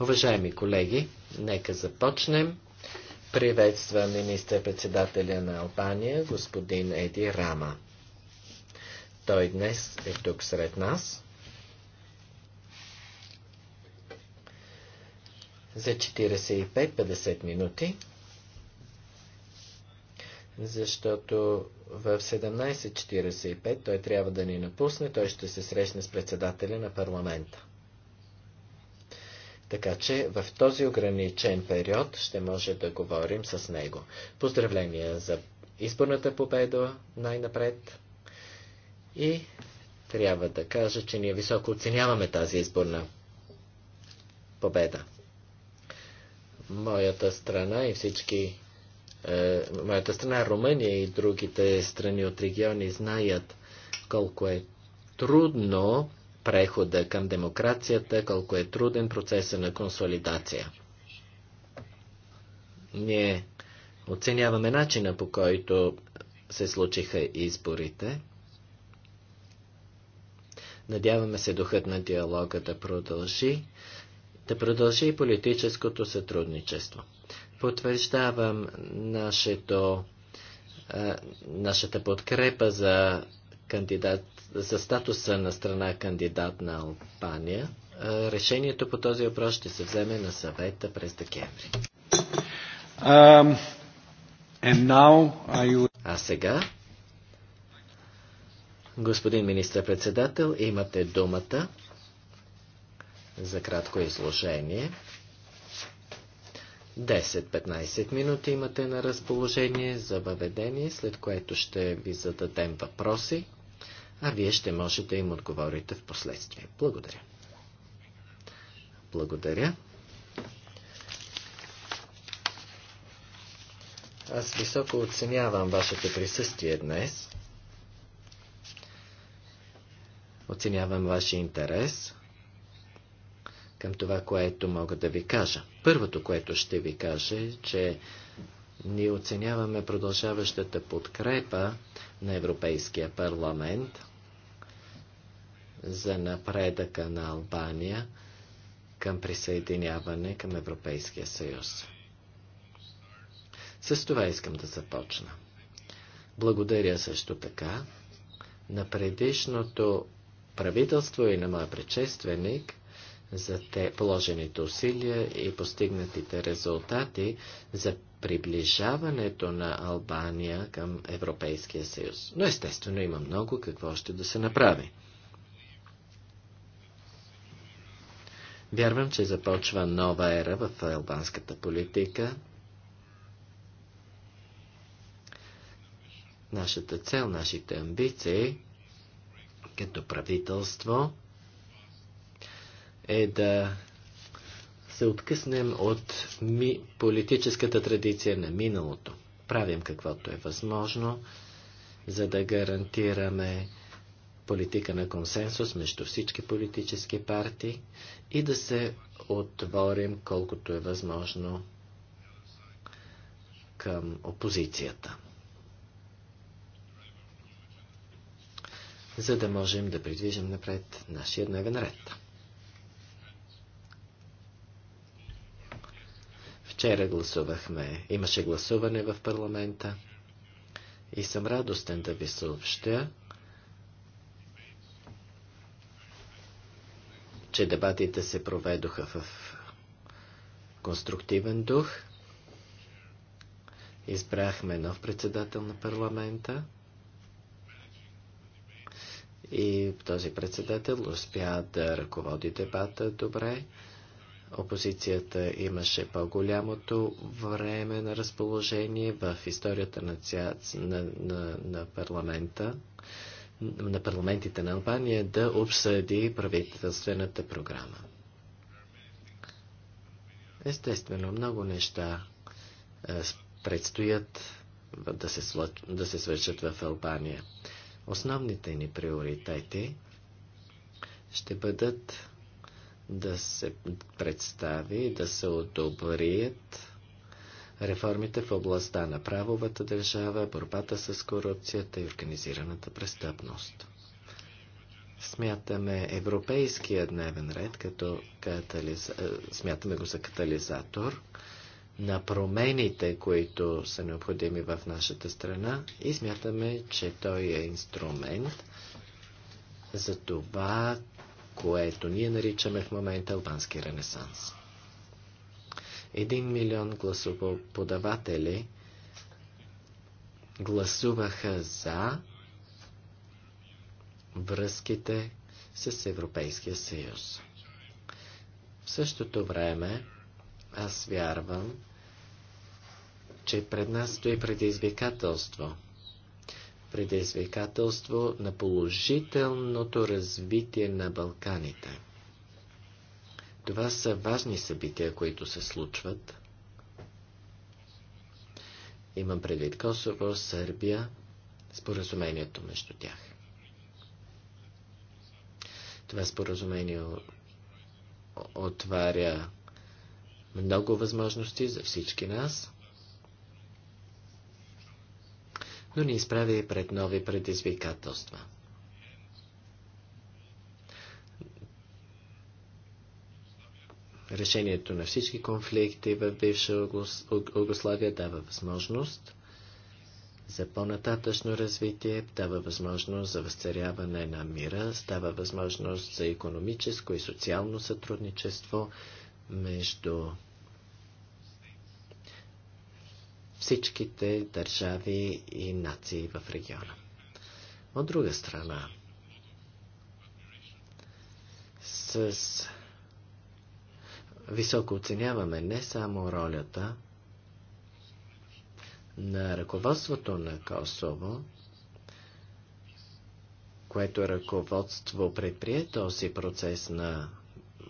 Уважаеми колеги, нека започнем. Приветствам министър-председателя на Албания, господин Еди Рама. Той днес е тук сред нас. За 45-50 минути защото в 17.45 той трябва да ни напусне, той ще се срещне с председателя на парламента. Така че в този ограничен период ще може да говорим с него. Поздравления за изборната победа най-напред и трябва да кажа, че ние високо оценяваме тази изборна победа. Моята страна и всички е, моята страна, Румъния и другите страни от региони знаят колко е трудно прехода към демокрацията, колко е труден процеса на консолидация. Ние оценяваме начина по който се случиха изборите. Надяваме се духът на диалога да продължи, да продължи и политическото сътрудничество. Потвърждавам нашето, е, нашата подкрепа за, кандидат, за статуса на страна кандидат на Албания. Е, решението по този въпрос ще се вземе на съвета през декември. Um, and now you... А сега, господин министър-председател, имате думата за кратко изложение. 10-15 минути имате на разположение за въведение, след което ще ви зададем въпроси, а вие ще можете да им отговорите в последствие. Благодаря. Благодаря. Аз високо оценявам вашето присъствие днес. Оценявам вашия интерес към това, което мога да ви кажа. Първото, което ще ви кажа е, че ние оценяваме продължаващата подкрепа на Европейския парламент за напредъка на Албания към присъединяване към Европейския съюз. С това искам да започна. Благодаря също така на предишното правителство и на моя предшественик за те положените усилия и постигнатите резултати за приближаването на Албания към Европейския съюз. Но естествено има много какво ще да се направи. Вярвам, че започва нова ера в албанската политика. Нашата цел, нашите амбиции като правителство – е да се откъснем от ми, политическата традиция на миналото. Правим каквото е възможно, за да гарантираме политика на консенсус между всички политически партии и да се отворим колкото е възможно към опозицията. За да можем да придвижим напред нашия дневен ред. Вчера гласувахме, имаше гласуване в парламента и съм радостен да ви съобщя, че дебатите се проведоха в конструктивен дух. Избрахме нов председател на парламента и този председател успя да ръководи дебата добре. Опозицията имаше по-голямото време на разположение в историята на, ця... на, на, на парламента, на парламентите на Албания да обсъди правителствената програма. Естествено, много неща е, предстоят да се, да се свършат в Албания. Основните ни приоритети ще бъдат да се представи, да се одобрият реформите в областта на правовата държава, борбата с корупцията и организираната престъпност. Смятаме европейския дневен ред като катализ... Е, смятаме го за катализатор на промените, които са необходими в нашата страна и смятаме, че той е инструмент за това което ние наричаме в момента албански ренесанс. Един милион гласоподаватели гласуваха за връзките с Европейския съюз. В същото време аз вярвам, че пред нас стои предизвикателство – предизвикателство на положителното развитие на Балканите. Това са важни събития, които се случват. Имам предвид Косово, Сърбия, споразумението между тях. Това споразумение отваря много възможности за всички нас. но ни изправя и пред нови предизвикателства. Решението на всички конфликти в бивша огославия дава възможност за по-нататъчно развитие, дава възможност за възцаряване на мира, става възможност за економическо и социално сътрудничество между всичките държави и нации в региона. От друга страна, с високо оценяваме не само ролята на ръководството на Косово, което ръководство предприе този процес на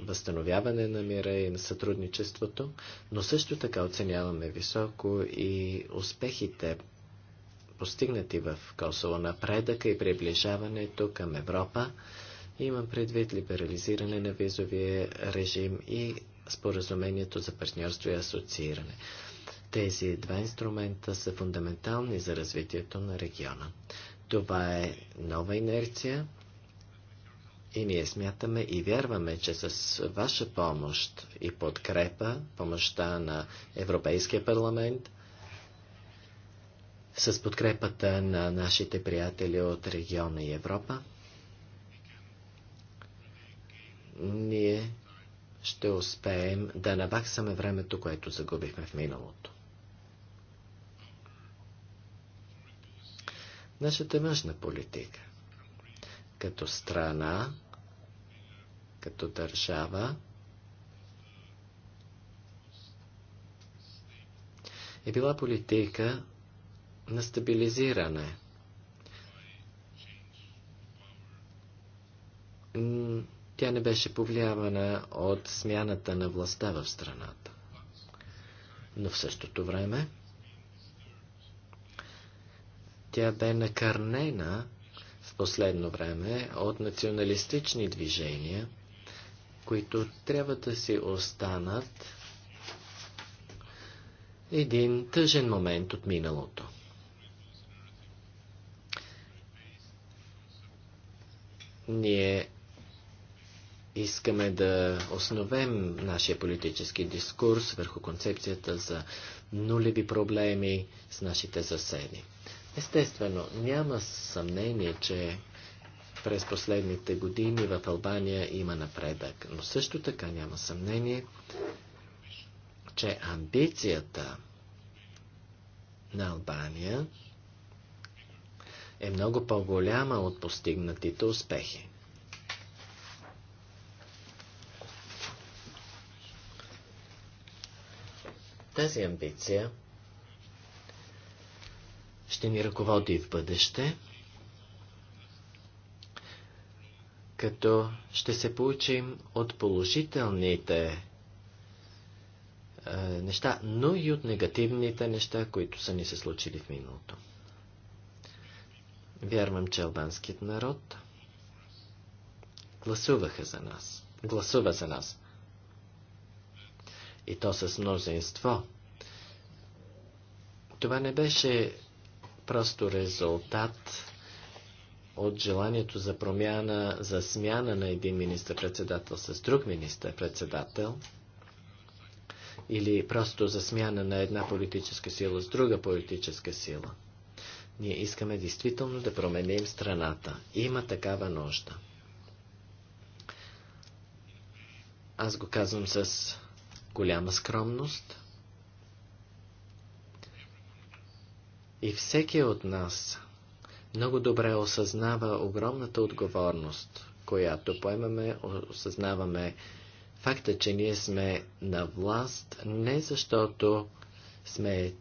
възстановяване на мира и на сътрудничеството, но също така оценяваме високо и успехите постигнати в Косово, напредъка и приближаването към Европа. Имам предвид либерализиране на визовия режим и споразумението за партньорство и асоцииране. Тези два инструмента са фундаментални за развитието на региона. Това е нова инерция, и ние смятаме и вярваме, че с ваша помощ и подкрепа, помощта на Европейския парламент, с подкрепата на нашите приятели от региона и Европа, ние ще успеем да наваксаме времето, което загубихме в миналото. Нашата е външна политика като страна, като държава е била политика на стабилизиране. Тя не беше повлиявана от смяната на властта в страната. Но в същото време тя бе накърнена в последно време от националистични движения, които трябва да си останат един тъжен момент от миналото. Ние искаме да основем нашия политически дискурс върху концепцията за нулеви проблеми с нашите съседи. Естествено, няма съмнение, че през последните години в Албания има напредък, но също така няма съмнение, че амбицията на Албания е много по-голяма от постигнатите успехи. Тази амбиция ще ни ръководи в бъдеще, като ще се получим от положителните е, неща, но и от негативните неща, които са ни се случили в миналото. Вярвам, че албанският народ гласуваха за нас. Гласува за нас. И то с мнозинство. Това не беше просто резултат от желанието за промяна, за смяна на един министър-председател с друг министър-председател или просто за смяна на една политическа сила с друга политическа сила. Ние искаме действително да променим страната. Има такава нужда. Аз го казвам с голяма скромност – И всеки от нас много добре осъзнава огромната отговорност, която поемаме, осъзнаваме факта, че ние сме на власт не защото сме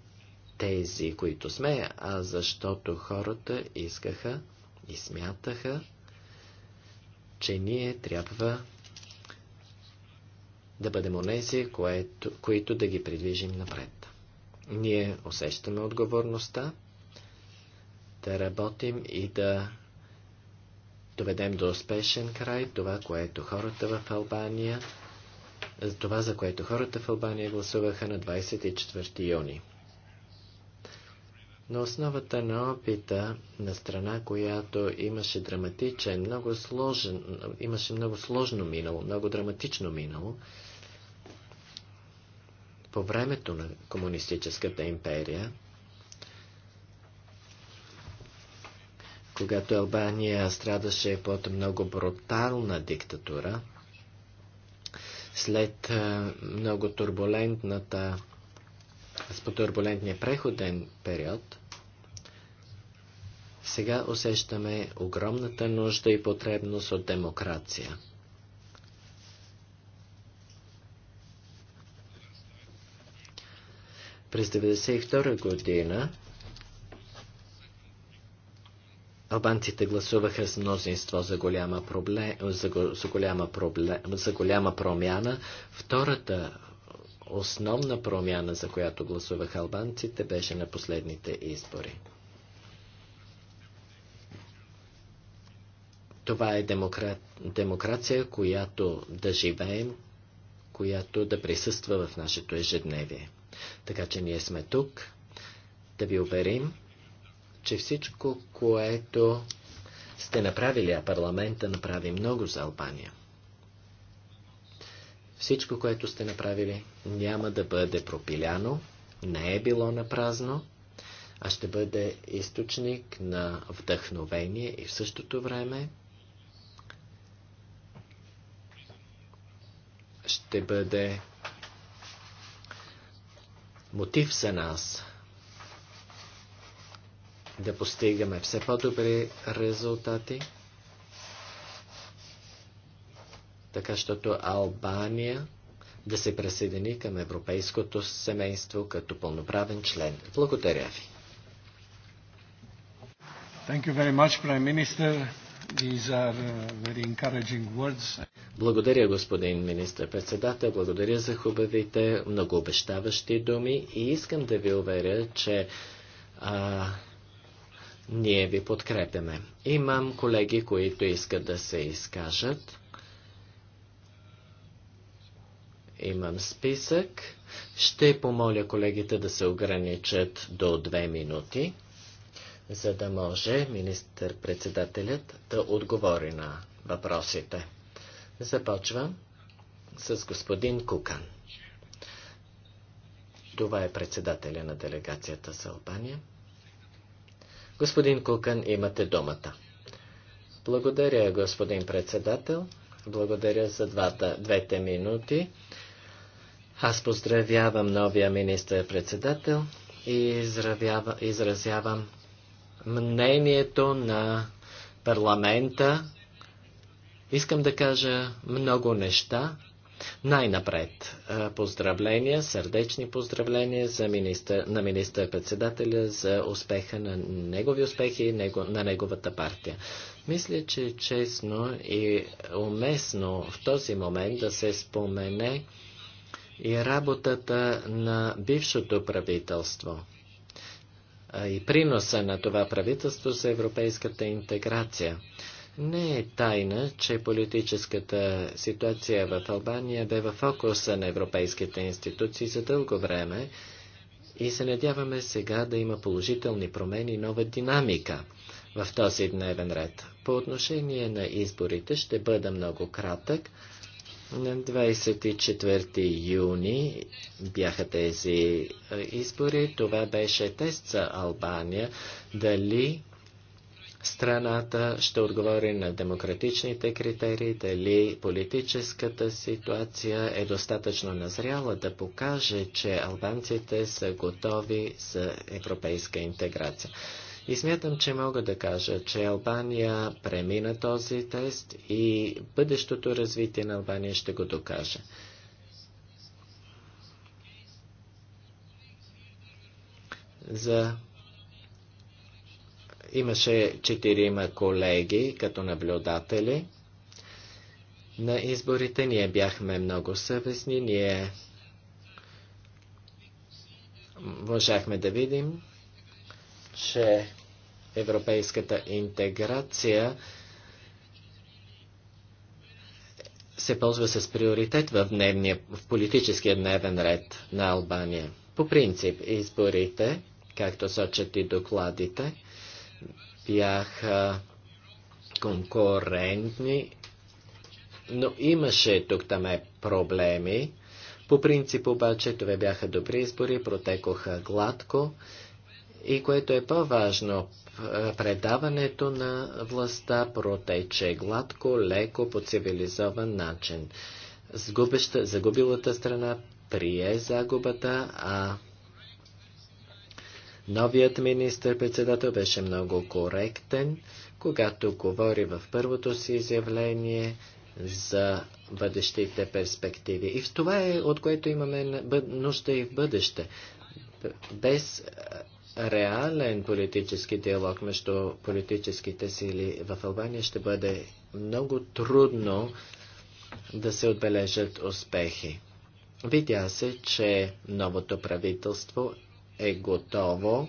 тези, които сме, а защото хората искаха и смятаха, че ние трябва да бъдем онези, които да ги придвижим напред. Ние усещаме отговорността да работим и да доведем до успешен край това, което хората в Албания, това, за което хората в Албания гласуваха на 24 юни. На основата на опита на страна, която имаше драматичен, много сложен, имаше много сложно минало, много драматично минало, по времето на комунистическата империя, когато Албания страдаше под много брутална диктатура, след много турбулентната, с турбулентния преходен период, сега усещаме огромната нужда и потребност от демокрация. През 1992 година Албанците гласуваха с мнозинство за голяма, проблем, за, го, за, голяма проблем, за голяма промяна. Втората основна промяна, за която гласуваха албанците, беше на последните избори. Това е демокра... демокрация, която да живеем, която да присъства в нашето ежедневие. Така че ние сме тук да ви уверим, че всичко, което сте направили, а парламента направи много за Албания. Всичко, което сте направили, няма да бъде пропиляно, не е било на празно, а ще бъде източник на вдъхновение и в същото време ще бъде мотив за нас да постигаме все по-добри резултати, така щото Албания да се присъедини към европейското семейство като пълноправен член. Благодаря ви. Thank you very much, Prime Minister. These are uh, very encouraging words. Благодаря, господин министр-председател, благодаря за хубавите, многообещаващи думи и искам да ви уверя, че а, ние ви подкрепяме. Имам колеги, които искат да се изкажат. Имам списък. Ще помоля колегите да се ограничат до две минути, за да може министър-председателят да отговори на въпросите. Започва с господин Кукан. Това е председателя на делегацията за Албания. Господин Кукан, имате думата. Благодаря, господин председател. Благодаря за двата, двете минути. Аз поздравявам новия министър-председател и изразявам мнението на парламента Искам да кажа много неща. Най-напред, поздравления, сърдечни поздравления за министър, на министър-председателя за успеха на негови успехи и него, на неговата партия. Мисля, че е честно и уместно в този момент да се спомене и работата на бившото правителство и приноса на това правителство за европейската интеграция. Не е тайна, че политическата ситуация в Албания бе в фокуса на европейските институции за дълго време и се надяваме сега да има положителни промени и нова динамика в този дневен ред. По отношение на изборите ще бъда много кратък. На 24 юни бяха тези избори. Това беше тест за Албания. Дали страната ще отговори на демократичните критерии, дали политическата ситуация е достатъчно назряла да покаже, че албанците са готови за европейска интеграция. И смятам, че мога да кажа, че Албания премина този тест и бъдещото развитие на Албания ще го докаже. За Имаше четирима колеги като наблюдатели на изборите. Ние бяхме много съвестни. Ние можахме да видим, че европейската интеграция се ползва с приоритет в, дневния, в политическия дневен ред на Албания. По принцип, изборите, както сочат и докладите, бяха конкурентни, но имаше тук там е проблеми. По принцип обаче това бяха добри избори, протекоха гладко и което е по-важно, предаването на властта протече гладко, леко, по цивилизован начин. загубилата страна прие загубата, а Новият министр-председател беше много коректен, когато говори в първото си изявление за бъдещите перспективи. И в това е, от което имаме нужда и в бъдеще. Без реален политически диалог между политическите сили в Албания ще бъде много трудно да се отбележат успехи. Видя се, че новото правителство е готово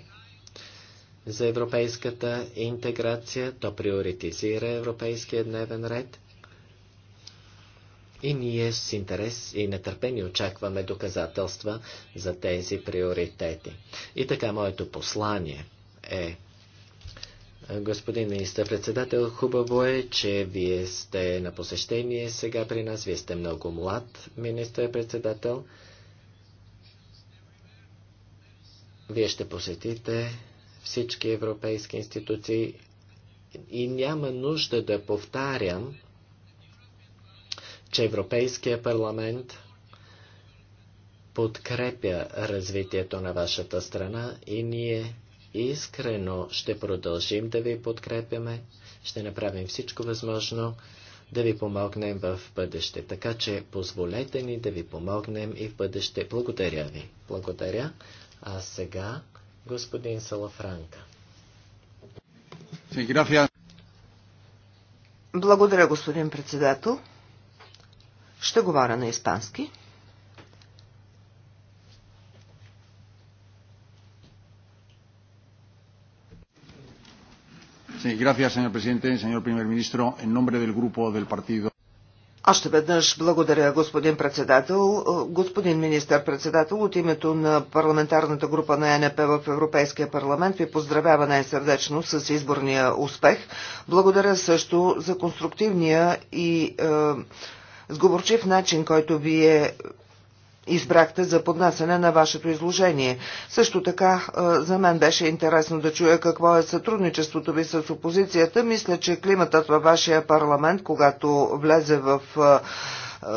за европейската интеграция, то приоритизира европейския дневен ред и ние с интерес и нетърпение очакваме доказателства за тези приоритети. И така, моето послание е, господин министър-председател, хубаво е, че вие сте на посещение сега при нас, вие сте много млад министър-председател. Вие ще посетите всички европейски институции и няма нужда да повтарям, че Европейския парламент подкрепя развитието на вашата страна и ние искрено ще продължим да ви подкрепяме, ще направим всичко възможно да ви помогнем в бъдеще. Така че позволете ни да ви помогнем и в бъдеще. Благодаря ви. Благодаря. А сега господин Салафранка. Благодаря, господин председател. Ще говоря на испански. Sí, gracias, señor presidente señor primer ministro en nombre del grupo del partido още веднъж благодаря, господин председател. Господин министър-председател, от името на парламентарната група на ЕНП в Европейския парламент ви поздравява най-сърдечно с изборния успех. Благодаря също за конструктивния и е, сговорчив начин, който вие избрахте за поднасене на вашето изложение. Също така е, за мен беше интересно да чуя какво е сътрудничеството ви с опозицията. Мисля, че климатът във вашия парламент, когато влезе в е, е,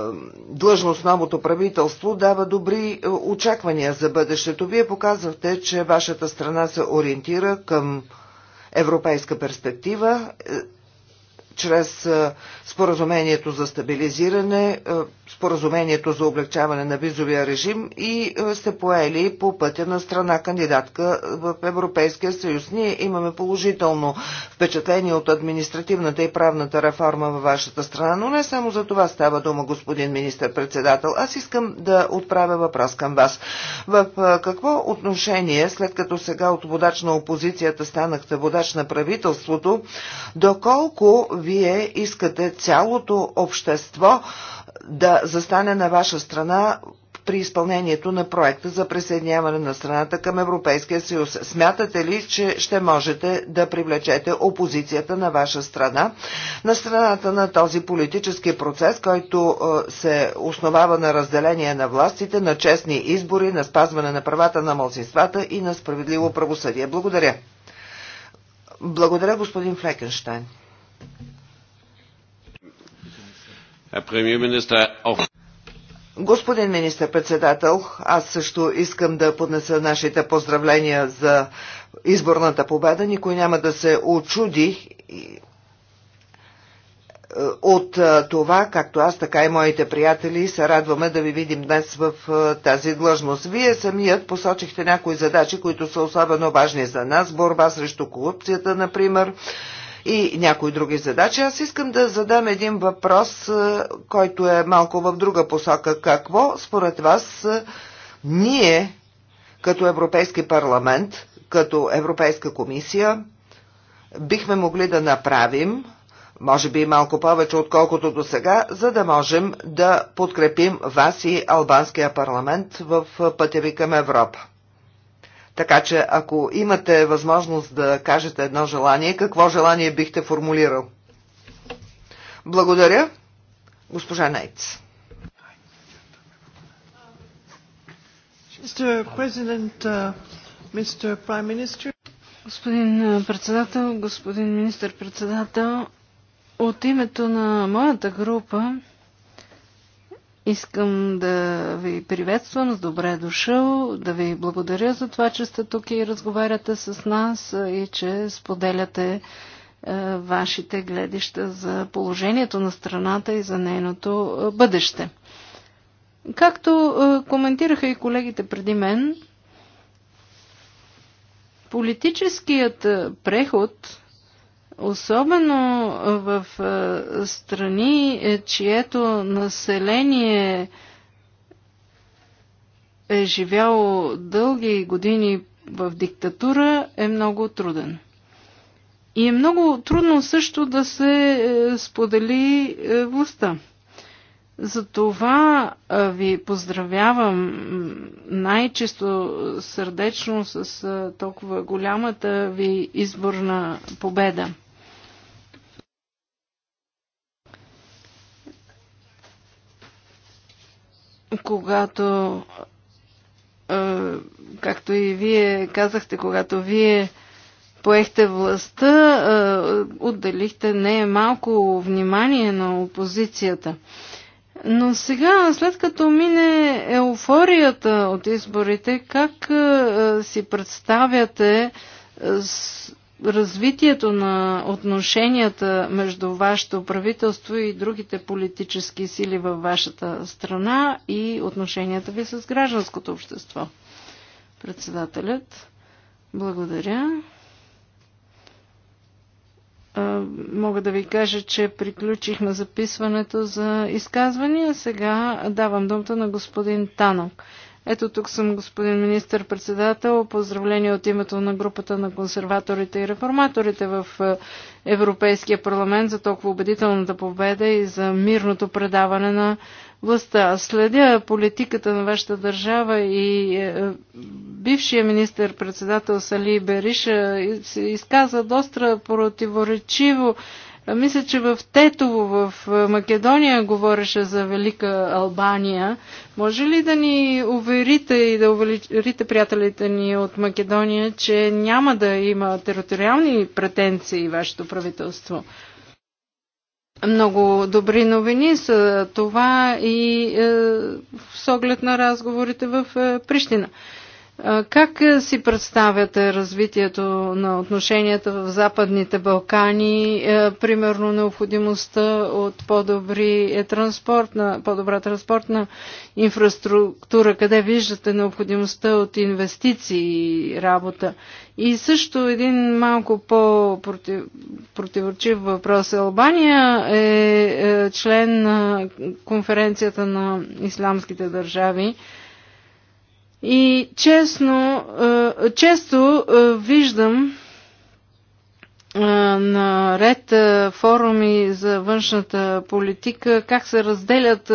длъжност новото правителство дава добри очаквания за бъдещето. Вие показвахте, че вашата страна се ориентира към европейска перспектива чрез споразумението за стабилизиране, споразумението за облегчаване на визовия режим и се поели по пътя на страна кандидатка в Европейския съюз. Ние имаме положително впечатление от административната и правната реформа във вашата страна, но не само за това става дума, господин министр-председател. Аз искам да отправя въпрос към вас. В какво отношение, след като сега от водач на опозицията станахте водач на правителството, доколко вие искате цялото общество да застане на ваша страна при изпълнението на проекта за присъединяване на страната към Европейския съюз. Смятате ли, че ще можете да привлечете опозицията на ваша страна, на страната на този политически процес, който е, се основава на разделение на властите, на честни избори, на спазване на правата на младсинствата и на справедливо правосъдие? Благодаря. Благодаря, господин Флекенштайн. Господин министър-председател, аз също искам да поднеса нашите поздравления за изборната победа. Никой няма да се очуди е, от е, това, както аз, така и моите приятели, се радваме да ви видим днес в е, тази длъжност. Вие самият посочихте някои задачи, които са особено важни за нас. Борба срещу корупцията, например, и някои други задачи. Аз искам да задам един въпрос, е, който е малко в друга посока. Какво според вас е, ние, като Европейски парламент, като Европейска комисия, бихме могли да направим, може би малко повече отколкото до сега, за да можем да подкрепим вас и албанския парламент в пътя ви към Европа. Така че, ако имате възможност да кажете едно желание, какво желание бихте формулирал? Благодаря, госпожа Нейц. Uh, господин uh, председател, господин министър-председател, от името на моята група Искам да ви приветствам с добре дошъл, да ви благодаря за това, че сте тук и разговаряте с нас и че споделяте е, вашите гледища за положението на страната и за нейното е, бъдеще. Както е, коментираха и колегите преди мен, политическият преход Особено в страни, е, чието население е живяло дълги години в диктатура, е много труден. И е много трудно също да се е, сподели е, властта. За това ви поздравявам най-често сърдечно с толкова голямата ви изборна победа. Когато, както и вие казахте, когато вие поехте властта, отделихте не малко внимание на опозицията. Но сега, след като мине еуфорията от изборите, как е, си представяте е, развитието на отношенията между вашето правителство и другите политически сили във вашата страна и отношенията ви с гражданското общество? Председателят, благодаря мога да ви кажа, че приключихме записването за изказвания. Сега давам думата на господин Танок. Ето тук съм господин министър-председател. Поздравление от името на групата на консерваторите и реформаторите в е, Европейския парламент за толкова убедителната победа и за мирното предаване на властта. следя политиката на вашата държава и е, е, бившия министър-председател Сали Бериша изказа доста противоречиво мисля, че в Тетово, в Македония говореше за Велика Албания. Може ли да ни уверите и да уверите приятелите ни от Македония, че няма да има териториални претенции вашето правителство? Много добри новини са това и е, с оглед на разговорите в е, Прищина. Как е, си представяте развитието на отношенията в Западните Балкани, е, примерно необходимостта от по-добри е, транспортна, по-добра транспортна инфраструктура, къде виждате необходимостта от инвестиции и работа? И също един малко по-противоречив въпрос. Албания е член на конференцията на исламските държави. И честно, е, често е, виждам е, на ред форуми за външната политика, как се разделят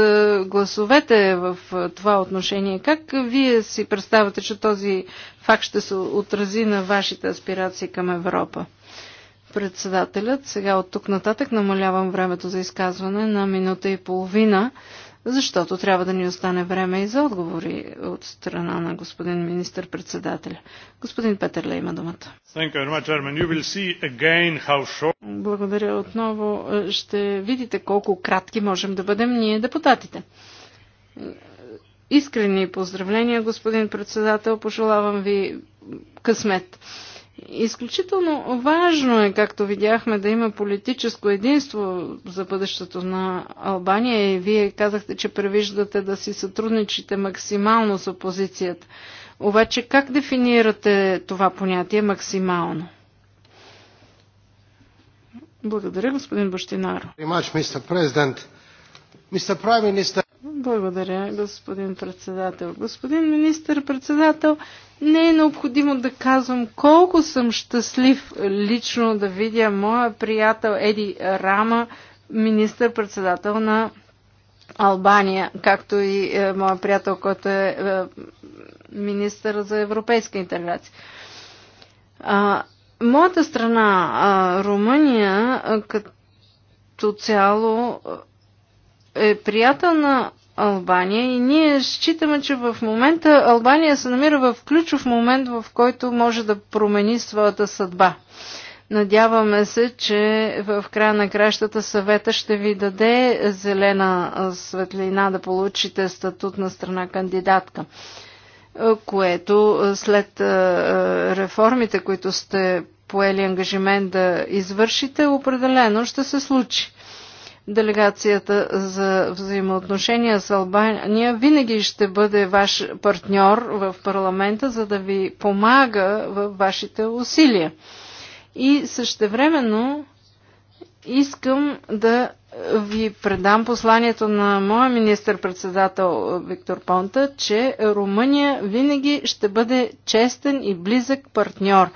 гласовете в това отношение. Как вие си представяте, че този факт ще се отрази на вашите аспирации към Европа? Председателят, сега от тук нататък намалявам времето за изказване на минута и половина, защото трябва да ни остане време и за отговори от страна на господин министър-председателя. Господин Петърле има думата. Благодаря отново. Ще видите колко кратки можем да бъдем ние депутатите. Искрени поздравления, господин председател. Пожелавам ви късмет. Изключително важно е, както видяхме, да има политическо единство за бъдещето на Албания и вие казахте, че превиждате да си сътрудничите максимално с опозицията. Обаче как дефинирате това понятие максимално? Благодаря, господин Баштинар. Благодаря, господин председател. Господин министър председател, не е необходимо да казвам колко съм щастлив лично да видя моя приятел Еди Рама, министър председател на Албания, както и е, моя приятел, който е, е министър за европейска интеграция. А, моята страна, а, Румъния, а, като цяло е приятел на Албания и ние считаме, че в момента Албания се намира в ключов момент, в който може да промени своята съдба. Надяваме се, че в края на кращата съвета ще ви даде зелена светлина да получите статут на страна кандидатка, което след е, реформите, които сте поели ангажимент да извършите, определено ще се случи. Делегацията за взаимоотношения с Албания винаги ще бъде ваш партньор в парламента, за да ви помага в вашите усилия. И същевременно искам да ви предам посланието на моя министър-председател Виктор Понта, че Румъния винаги ще бъде честен и близък партньор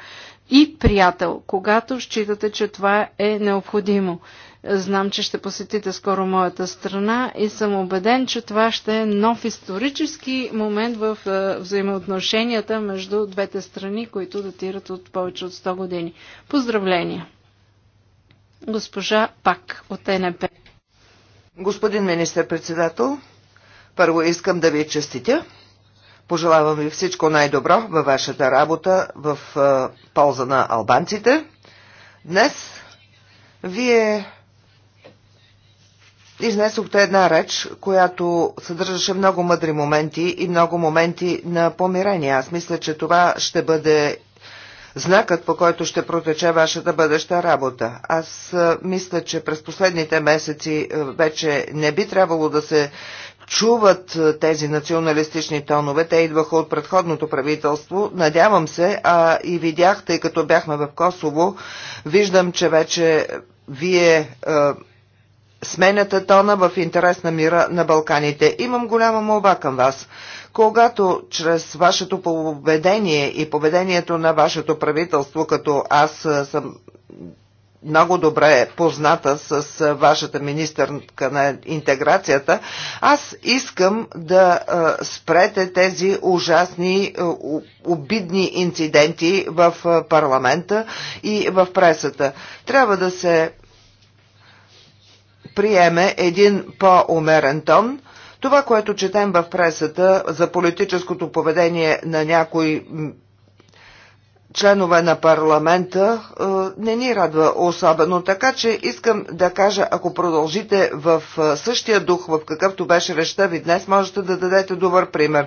и приятел, когато считате, че това е необходимо. Знам, че ще посетите скоро моята страна и съм убеден, че това ще е нов исторически момент в е, взаимоотношенията между двете страни, които датират от повече от 100 години. Поздравления! Госпожа Пак от НП. Господин министър-председател, първо искам да ви честитя. Пожелавам ви всичко най-добро във вашата работа в е, полза на албанците. Днес вие Изнесохте една реч, която съдържаше много мъдри моменти и много моменти на помирение. Аз мисля, че това ще бъде знакът, по който ще протече вашата бъдеща работа. Аз мисля, че през последните месеци вече не би трябвало да се чуват тези националистични тонове. Те идваха от предходното правителство. Надявам се, а и видях, тъй като бяхме в Косово, виждам, че вече вие Сменята тона в интерес на мира на Балканите. Имам голяма молба към вас. Когато чрез вашето поведение и поведението на вашето правителство, като аз съм много добре позната с вашата министърка на интеграцията, аз искам да спрете тези ужасни, обидни инциденти в парламента и в пресата. Трябва да се приеме един по-умерен тон. Това, което четем в пресата за политическото поведение на някои членове на парламента е, не ни радва особено. Така че искам да кажа, ако продължите в е, същия дух, в какъвто беше реща ви днес, можете да дадете добър пример.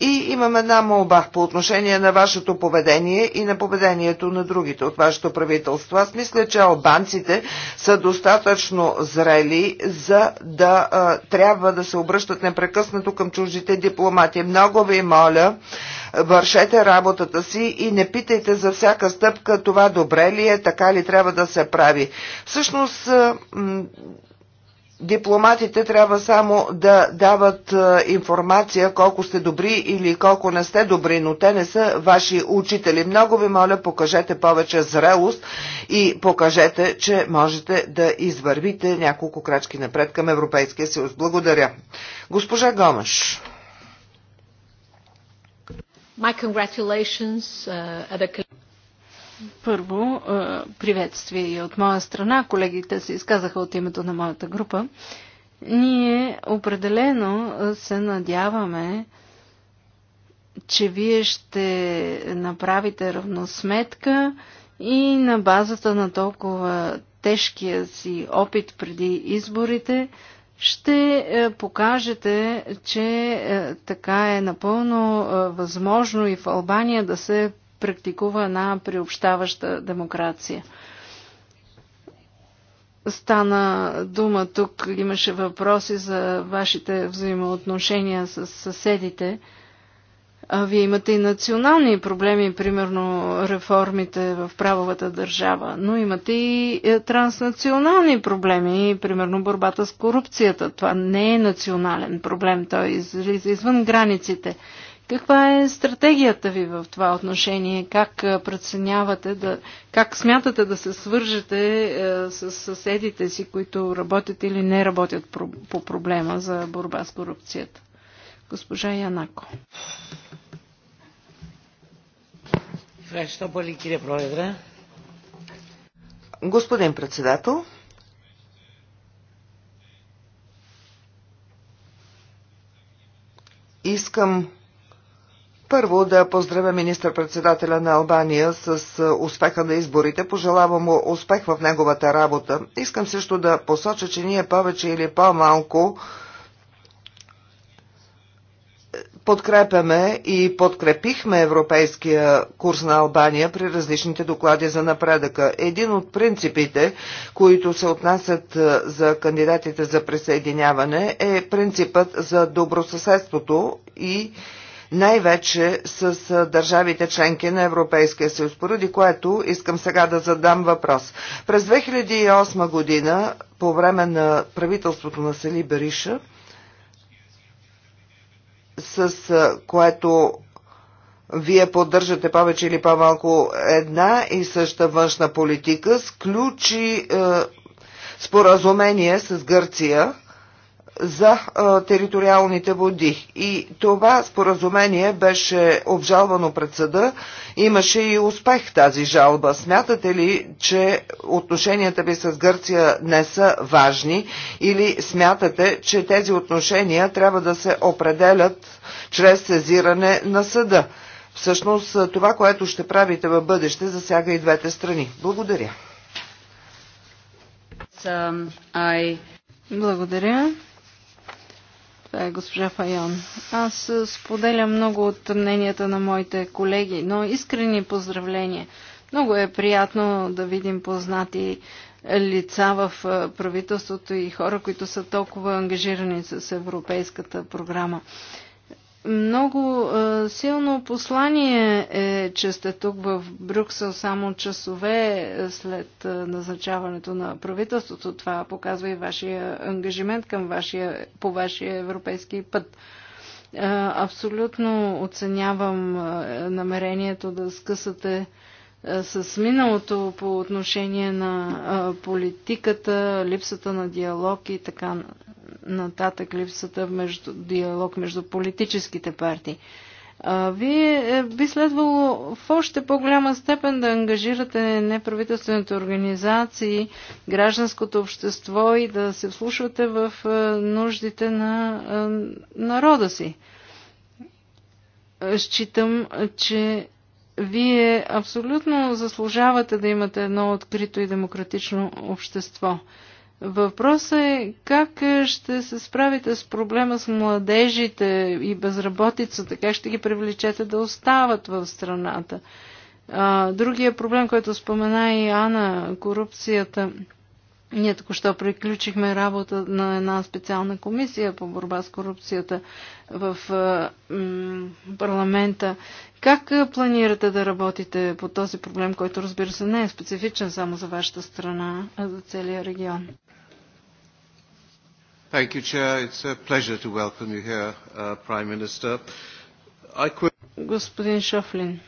И имам една молба по отношение на вашето поведение и на поведението на другите от вашето правителство. Аз мисля, че албанците са достатъчно зрели, за да е, трябва да се обръщат непрекъснато към чуждите дипломати. Много ви моля, вършете работата си и не питайте за всяка стъпка това добре ли е, така ли трябва да се прави. Всъщност, дипломатите трябва само да дават информация колко сте добри или колко не сте добри, но те не са ваши учители. Много ви моля, покажете повече зрелост и покажете, че можете да извървите няколко крачки напред към Европейския съюз. Благодаря. Госпожа Гомаш. Uh, Първо, е, приветствие от моя страна. Колегите се изказаха от името на моята група. Ние определено е, се надяваме, че вие ще направите равносметка и на базата на толкова тежкия си опит преди изборите, ще е, покажете, че е, така е напълно е, възможно и в Албания да се практикува една приобщаваща демокрация. Стана дума тук, имаше въпроси за вашите взаимоотношения с съседите. А вие имате и национални проблеми, примерно реформите в правовата държава, но имате и е, транснационални проблеми, примерно борбата с корупцията. Това не е национален проблем, той е излиза извън границите. Каква е стратегията ви в това отношение? Как е, преценявате да, как смятате да се свържете с съседите си, които работят или не работят по проблема за борба с корупцията? Госпожа Янако. Господин председател, искам първо да поздравя министър-председателя на Албания с е, успеха на изборите. Пожелавам му успех в неговата работа. Искам също да посоча, че ние повече или по-малко подкрепяме и подкрепихме европейския курс на Албания при различните доклади за напредъка. Един от принципите, които се отнасят е, за кандидатите за присъединяване е принципът за добросъседството и най-вече с е, държавите членки на Европейския съюз, поради което искам сега да задам въпрос. През 2008 година, по време на правителството на Сели Бериша, с което вие поддържате повече или по-малко една и съща външна политика, сключи е, споразумение с Гърция – за териториалните води. И това споразумение беше обжалвано пред съда. Имаше и успех тази жалба. Смятате ли, че отношенията ви с Гърция не са важни или смятате, че тези отношения трябва да се определят чрез сезиране на съда? Всъщност това, което ще правите в бъдеще, засяга и двете страни. Благодаря. Благодаря. Това е госпожа Файон. Аз е, споделям много от мненията на моите колеги, но искрени поздравления. Много е приятно да видим познати лица в е, правителството и хора, които са толкова ангажирани с европейската програма. Много а, силно послание е, че сте тук в Брюксел само часове след назначаването на правителството. Това показва и вашия ангажимент към вашия, по вашия европейски път. А, абсолютно оценявам намерението да скъсате е, с миналото по отношение на е, политиката, липсата на диалог и така нататък, липсата между, диалог между политическите партии. Е, вие би следвало в още по-голяма степен да ангажирате неправителствените организации, гражданското общество и да се вслушвате в нуждите на народа си. Считам, че вие абсолютно заслужавате да имате едно открито и демократично общество. Въпросът е как ще се справите с проблема с младежите и безработицата, как ще ги привлечете да остават в страната. Другия проблем, който спомена и Ана, корупцията – ние току-що приключихме работа на една специална комисия по борба с корупцията в е, парламента. Как е, планирате да работите по този проблем, който разбира се не е специфичен само за вашата страна, а за целия регион? Thank you, Chair. It's a pleasure to welcome you here, uh, Prime Minister. I could... Господин Шофлин.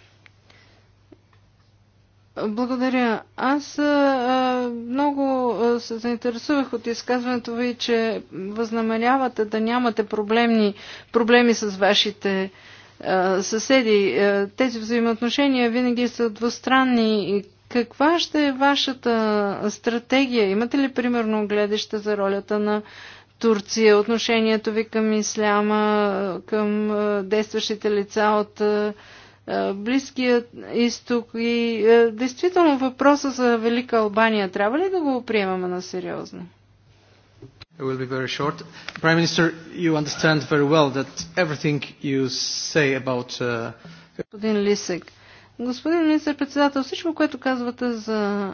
Благодаря. Аз а, много а, се заинтересувах от изказването ви, че възнамерявате да нямате проблемни, проблеми с вашите а, съседи. А, тези взаимоотношения винаги са двустранни. Каква ще е вашата стратегия? Имате ли примерно гледаща за ролята на Турция, отношението ви към исляма, към действащите лица от Близкият изток и е, действително въпроса за Велика Албания трябва ли да го приемаме на сериозно? It will be very short. Prime Minister, you understand very well that everything you say about... Uh... Господин Лисек, господин министър-председател, всичко, което казвате за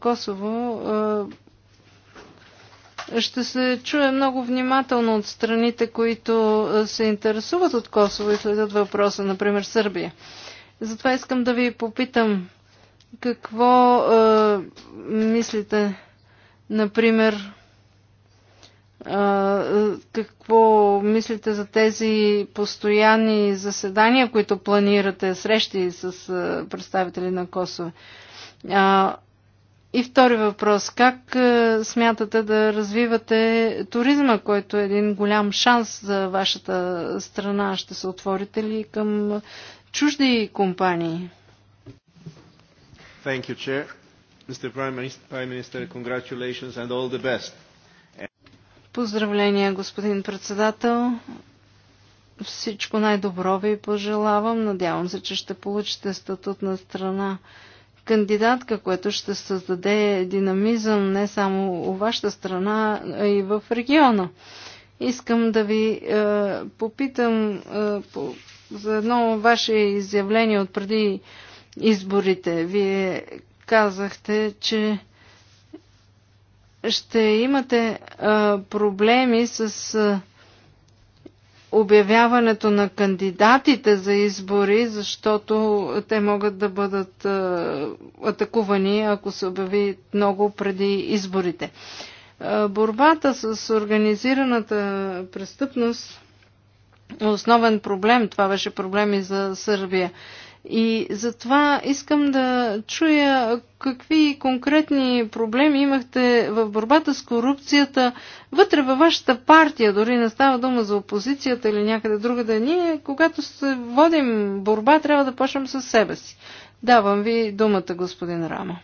Косово, ще се чуе много внимателно от страните, които се интересуват от Косово и следят въпроса, например Сърбия. Затова искам да ви попитам какво е, мислите, например, какво мислите за тези постоянни заседания, които планирате, срещи с представители на Косово? И втори въпрос. Как е, смятате да развивате туризма, който е един голям шанс за вашата страна? Ще се отворите ли към чужди компании? Thank you, Chair. Mr. Prime Minister, Prime Minister, congratulations and all the best. Поздравления, господин председател. Всичко най-добро ви пожелавам. Надявам се, че ще получите статут на страна кандидатка, което ще създаде динамизъм не само у вашата страна, а и в региона. Искам да ви е, попитам е, по, за едно ваше изявление от преди изборите. Вие казахте, че ще имате е, проблеми с Е, обявяването на кандидатите за избори, защото те могат да бъдат е, атакувани, ако се обяви много преди изборите. Е, борбата с организираната престъпност е основен проблем. Това беше проблем и за Сърбия. И затова искам да чуя какви конкретни проблеми имахте в борбата с корупцията вътре във вашата партия, дори не става дума за опозицията или някъде другаде. Ние, когато се водим борба, трябва да почнем със себе си. Давам ви думата, господин Рама.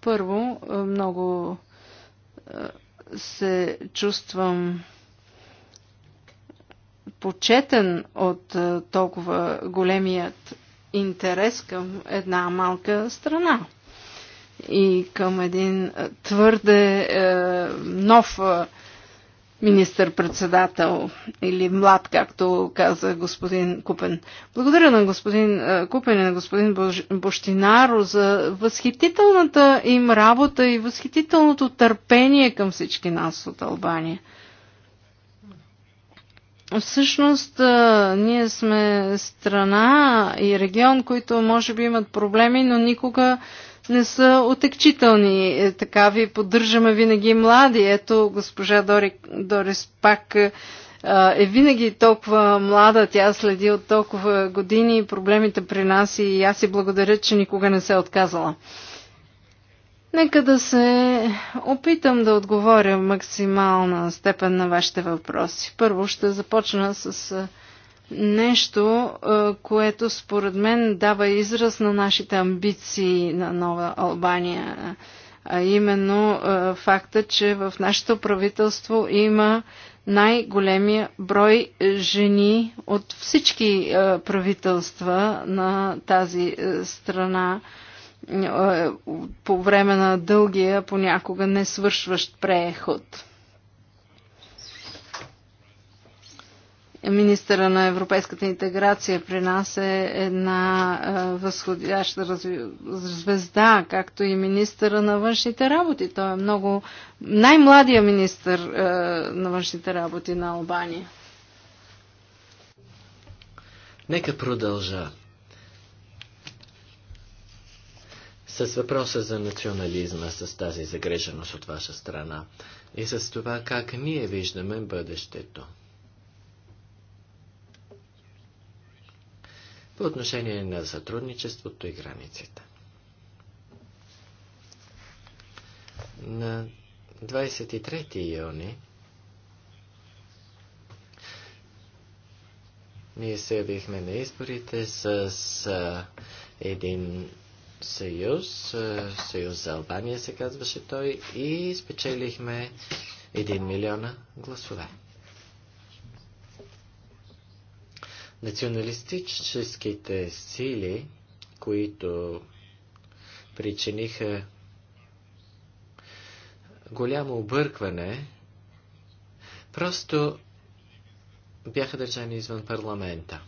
Първо, е, много е, се чувствам почетен от е, толкова големият интерес към една малка страна и към един твърде е, нов е, министър-председател или млад, както каза господин Купен. Благодаря на господин е, Купен и на господин Бощинаро за възхитителната им работа и възхитителното търпение към всички нас от Албания. Всъщност, ние сме страна и регион, които може би имат проблеми, но никога не са отекчителни. Е, така ви поддържаме винаги млади. Ето, госпожа Дори, Дорис пак е винаги толкова млада, тя следи от толкова години проблемите при нас и аз си благодаря, че никога не се е отказала. Нека да се опитам да отговоря в максимална степен на вашите въпроси. Първо ще започна с нещо, което според мен дава израз на нашите амбиции на Нова Албания, а именно факта, че в нашето правителство има най-големия брой жени от всички правителства на тази страна по време на дългия, понякога не свършващ преход. Министъра на европейската интеграция при нас е една е, възходяща разв... звезда, както и министъра на външните работи. Той е много най-младия министър е, на външните работи на Албания. Нека продължа. с въпроса за национализма, с тази загреженост от ваша страна и с това как ние виждаме бъдещето. По отношение на сътрудничеството и границите. На 23 юни ние се явихме на изборите с един съюз, е, съюз за Албания се казваше той, и спечелихме 1 милиона гласове. Националистическите сили, които причиниха голямо объркване, просто бяха държани извън парламента.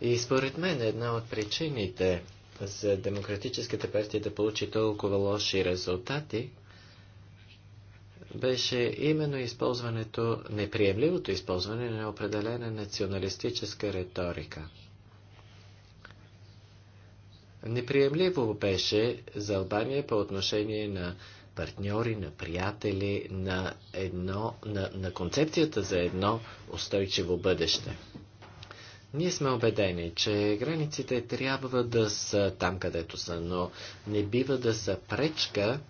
И според мен една от причините за Демократическата партия да получи толкова лоши резултати беше именно използването, неприемливото използване на определена националистическа риторика. Неприемливо беше за Албания по отношение на партньори, на приятели, на, едно, на, на концепцията за едно устойчиво бъдеще. Ние сме убедени, че границите трябва да са там, където са, но не бива да са пречка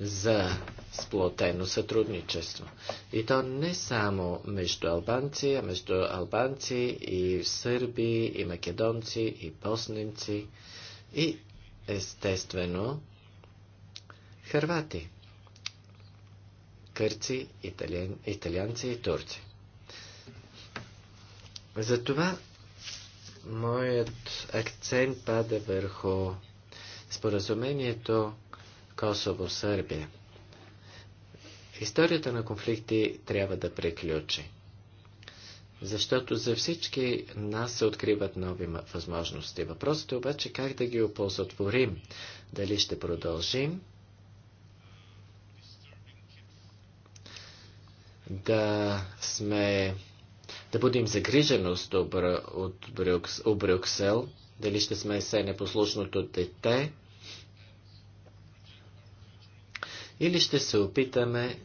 за сплотено сътрудничество. И то не само между албанци, а между албанци и сърби, и македонци, и босненци, и естествено хървати, кърци, италиан, италианци и турци. Затова моят акцент пада върху споразумението Косово-Сърбия. Историята на конфликти трябва да приключи, защото за всички нас се откриват нови възможности. Въпросът е обаче как да ги оползотворим. Дали ще продължим да сме да будем загриженост от у Брюксел, дали ще сме се непослушното дете, или ще се опитаме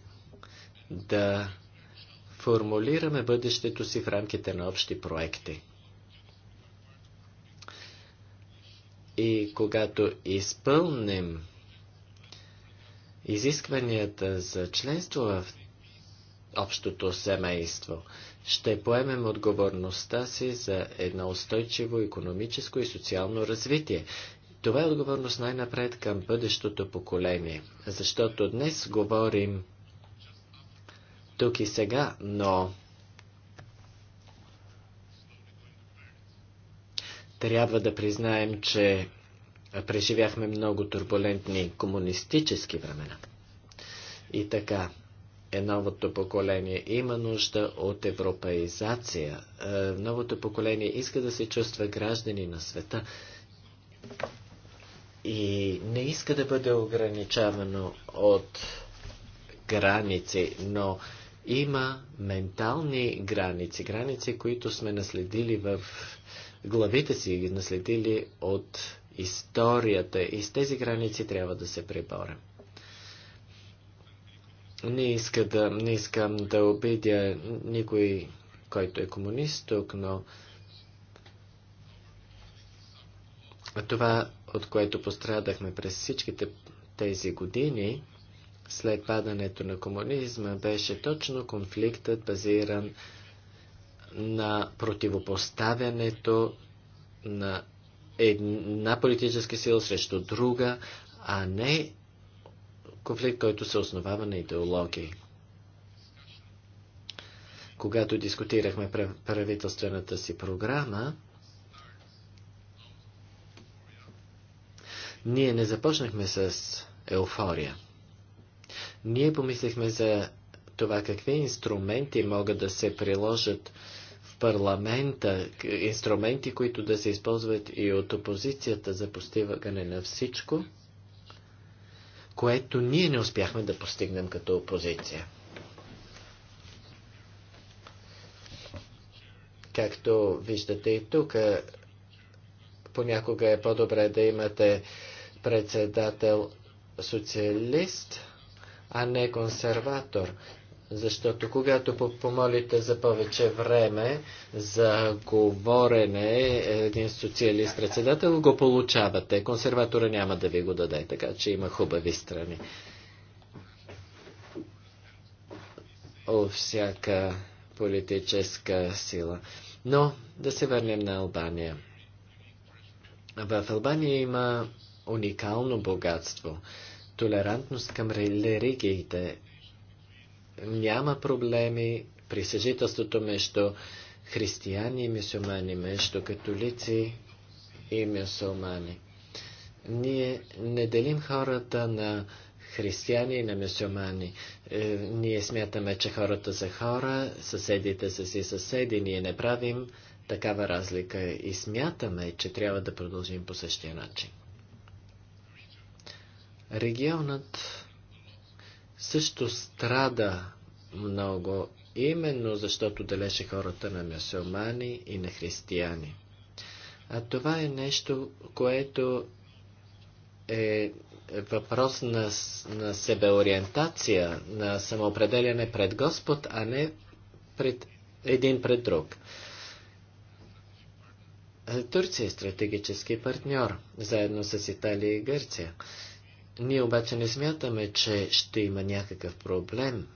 да формулираме бъдещето си в рамките на общи проекти. И когато изпълним изискванията за членство в общото семейство, ще поемем отговорността си за едно устойчиво економическо и социално развитие. Това е отговорност най-напред към бъдещото поколение, защото днес говорим тук и сега, но трябва да признаем, че преживяхме много турбулентни комунистически времена. И така, е новото поколение. Има нужда от европеизация. Е, новото поколение иска да се чувства граждани на света и не иска да бъде ограничавано от граници, но има ментални граници, граници, които сме наследили в главите си, наследили от историята и с тези граници трябва да се преборим. Не, иска да, не искам да обидя никой, който е комунист тук, но това, от което пострадахме през всичките тези години, след падането на комунизма, беше точно конфликтът базиран на противопоставянето на една политическа сила срещу друга, а не конфликт, който се основава на идеологии. Когато дискутирахме правителствената си програма, ние не започнахме с еуфория. Ние помислихме за това какви инструменти могат да се приложат в парламента, инструменти, които да се използват и от опозицията за постигане на всичко – което ние не успяхме да постигнем като опозиция. Както виждате и тук, понякога е по-добре да имате председател социалист, а не консерватор. Защото когато помолите за повече време за говорене, един социалист председател го получавате. Консерватора няма да ви го даде, така че има хубави страни. О, всяка политическа сила. Но да се върнем на Албания. В Албания има уникално богатство. Толерантност към религиите няма проблеми при съжителството между християни и мюсюлмани, между католици и мюсюлмани. Ние не делим хората на християни и на мюсюлмани. Е, ние смятаме, че хората са хора, съседите са си съседи, ние не правим такава разлика и смятаме, че трябва да продължим по същия начин. Регионът също страда много, именно защото делеше хората на мюсюлмани и на християни. А това е нещо, което е въпрос на, на себеориентация, на самоопределяне пред Господ, а не пред един пред друг. Турция е стратегически партньор, заедно с Италия и Гърция. Ние обаче не смятаме, че ще има някакъв проблем,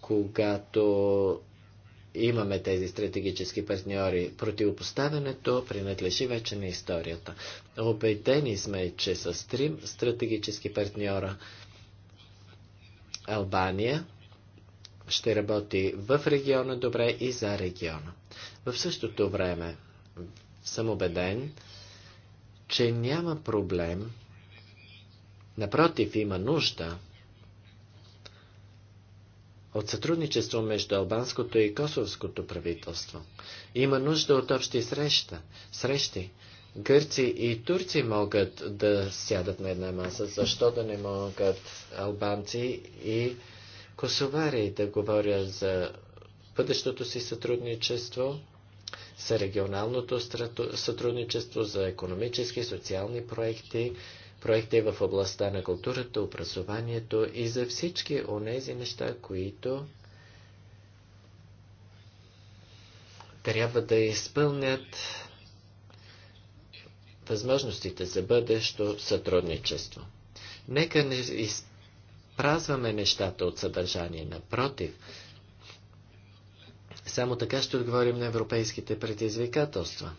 когато имаме тези стратегически партньори. Противопоставянето принадлежи вече на историята. Обедени сме, че с трим стратегически партньора Албания ще работи в региона добре и за региона. В същото време съм убеден, че няма проблем, напротив има нужда от сътрудничество между албанското и косовското правителство. Има нужда от общи среща, срещи. Гърци и турци могат да сядат на една маса, защо да не могат албанци и косовари да говорят за бъдещото си сътрудничество за регионалното сътрудничество за економически и социални проекти, проекти в областта на културата, образованието и за всички онези неща, които трябва да изпълнят възможностите за бъдещо сътрудничество. Нека не изпразваме нещата от съдържание. Напротив, само така ще отговорим на европейските предизвикателства.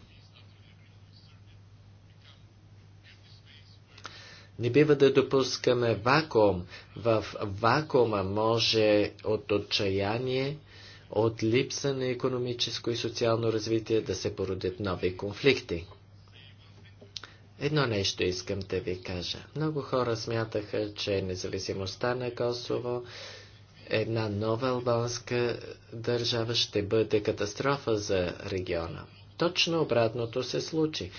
Не бива да допускаме вакуум. В вакуума може от отчаяние, от липса на економическо и социално развитие да се породят нови конфликти. Едно нещо искам да ви кажа. Много хора смятаха, че независимостта на Косово една нова албанска държава ще бъде катастрофа за региона. Точно обратното се случи.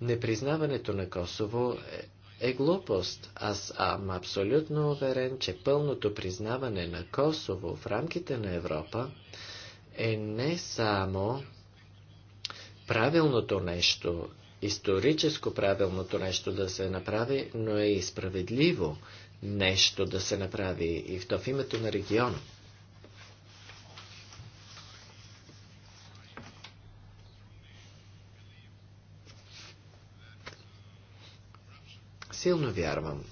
Непризнаването на Косово е, е глупост. Аз съм абсолютно уверен, че пълното признаване на Косово в рамките на Европа е не само правилното нещо, историческо правилното нещо да се направи, но е и справедливо нещо да се направи и в то в името на региона. Силно вярвам,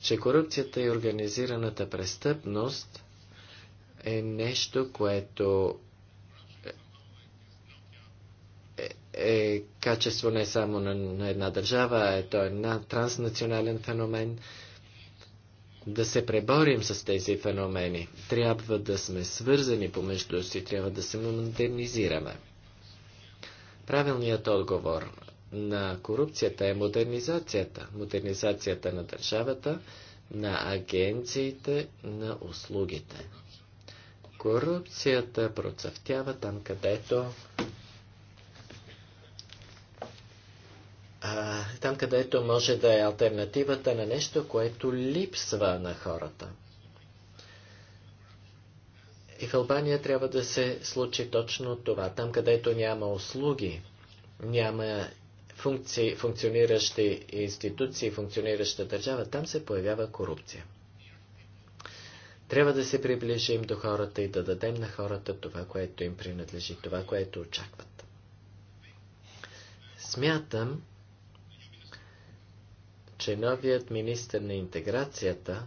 че корупцията и организираната престъпност е нещо, което е, е качество не само на, на една държава, а е то е на транснационален феномен да се преборим с тези феномени. Трябва да сме свързани помежду си, трябва да се модернизираме. Правилният отговор на корупцията е модернизацията. Модернизацията на държавата, на агенциите, на услугите. Корупцията процъфтява там, където а, там където може да е альтернативата на нещо, което липсва на хората. И в Албания трябва да се случи точно това. Там, където няма услуги, няма функции, функциониращи институции, функционираща държава, там се появява корупция. Трябва да се приближим до хората и да дадем на хората това, което им принадлежи, това, което очакват. Смятам, че новият министр на интеграцията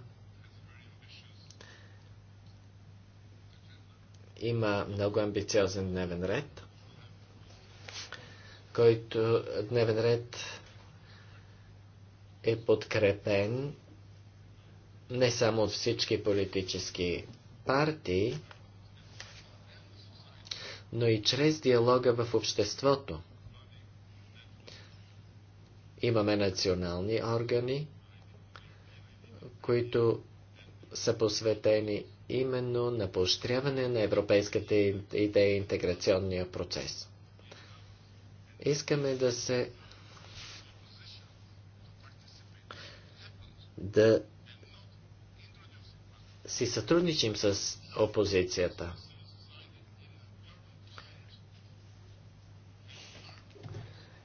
има много амбициозен дневен ред, който дневен ред е подкрепен не само от всички политически партии, но и чрез диалога в обществото. Имаме национални органи, които са посветени именно на поощряване на европейската идея и е интеграционния процес. Искаме да се да си сътрудничим с опозицията.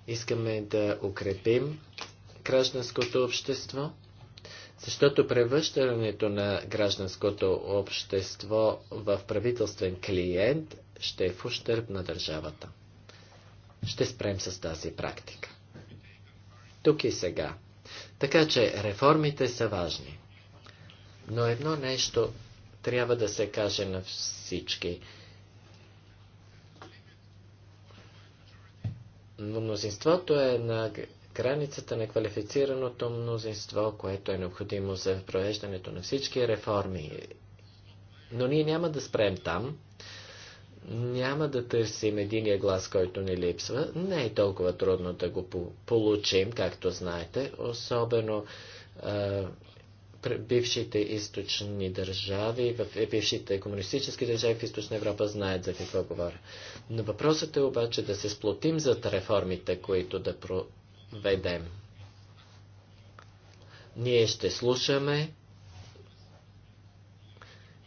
Искаме да укрепим гражданското общество, защото превръщането на гражданското общество в правителствен клиент ще е в ущърп на държавата. Ще спрем с тази практика. Тук и сега. Така че реформите са важни. Но едно нещо трябва да се каже на всички. мнозинството е на границата на квалифицираното мнозинство, което е необходимо за провеждането на всички реформи. Но ние няма да спрем там. Няма да търсим единия глас, който ни липсва. Не е толкова трудно да го получим, както знаете, особено бившите източни държави, в е, бившите комунистически държави в източна Европа знаят за какво говоря. Но въпросът е обаче да се сплотим зад реформите, които да проведем. Ние ще слушаме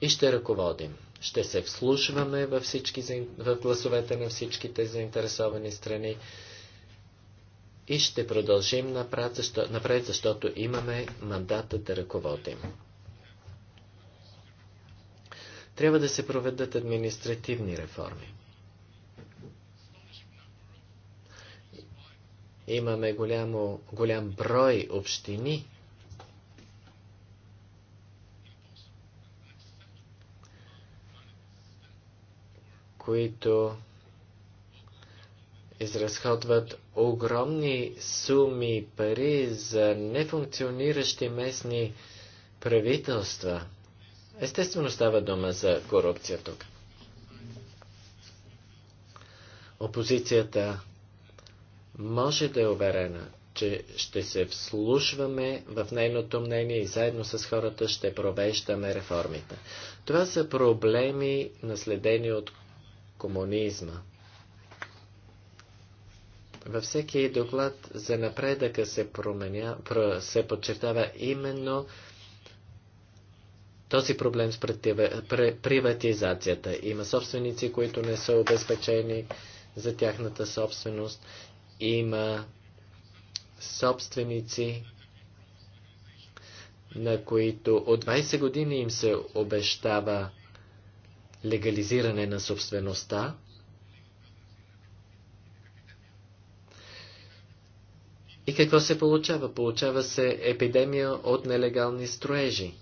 и ще ръководим. Ще се вслушваме във, всички, в гласовете на всичките заинтересовани страни и ще продължим напред, защо, напред защото имаме мандата да ръководим. Трябва да се проведат административни реформи. Имаме голямо, голям брой общини, които изразходват огромни суми пари за нефункциониращи местни правителства. Естествено става дума за корупция тук. Опозицията може да е уверена, че ще се вслушваме в нейното мнение и заедно с хората ще провеждаме реформите. Това са проблеми, наследени от комунизма. Във всеки доклад за напредъка се, променя, се подчертава именно този проблем с приватизацията. Има собственици, които не са обезпечени за тяхната собственост. Има собственици, на които от 20 години им се обещава легализиране на собствеността, И какво се получава? Получава се епидемия от нелегални строежи.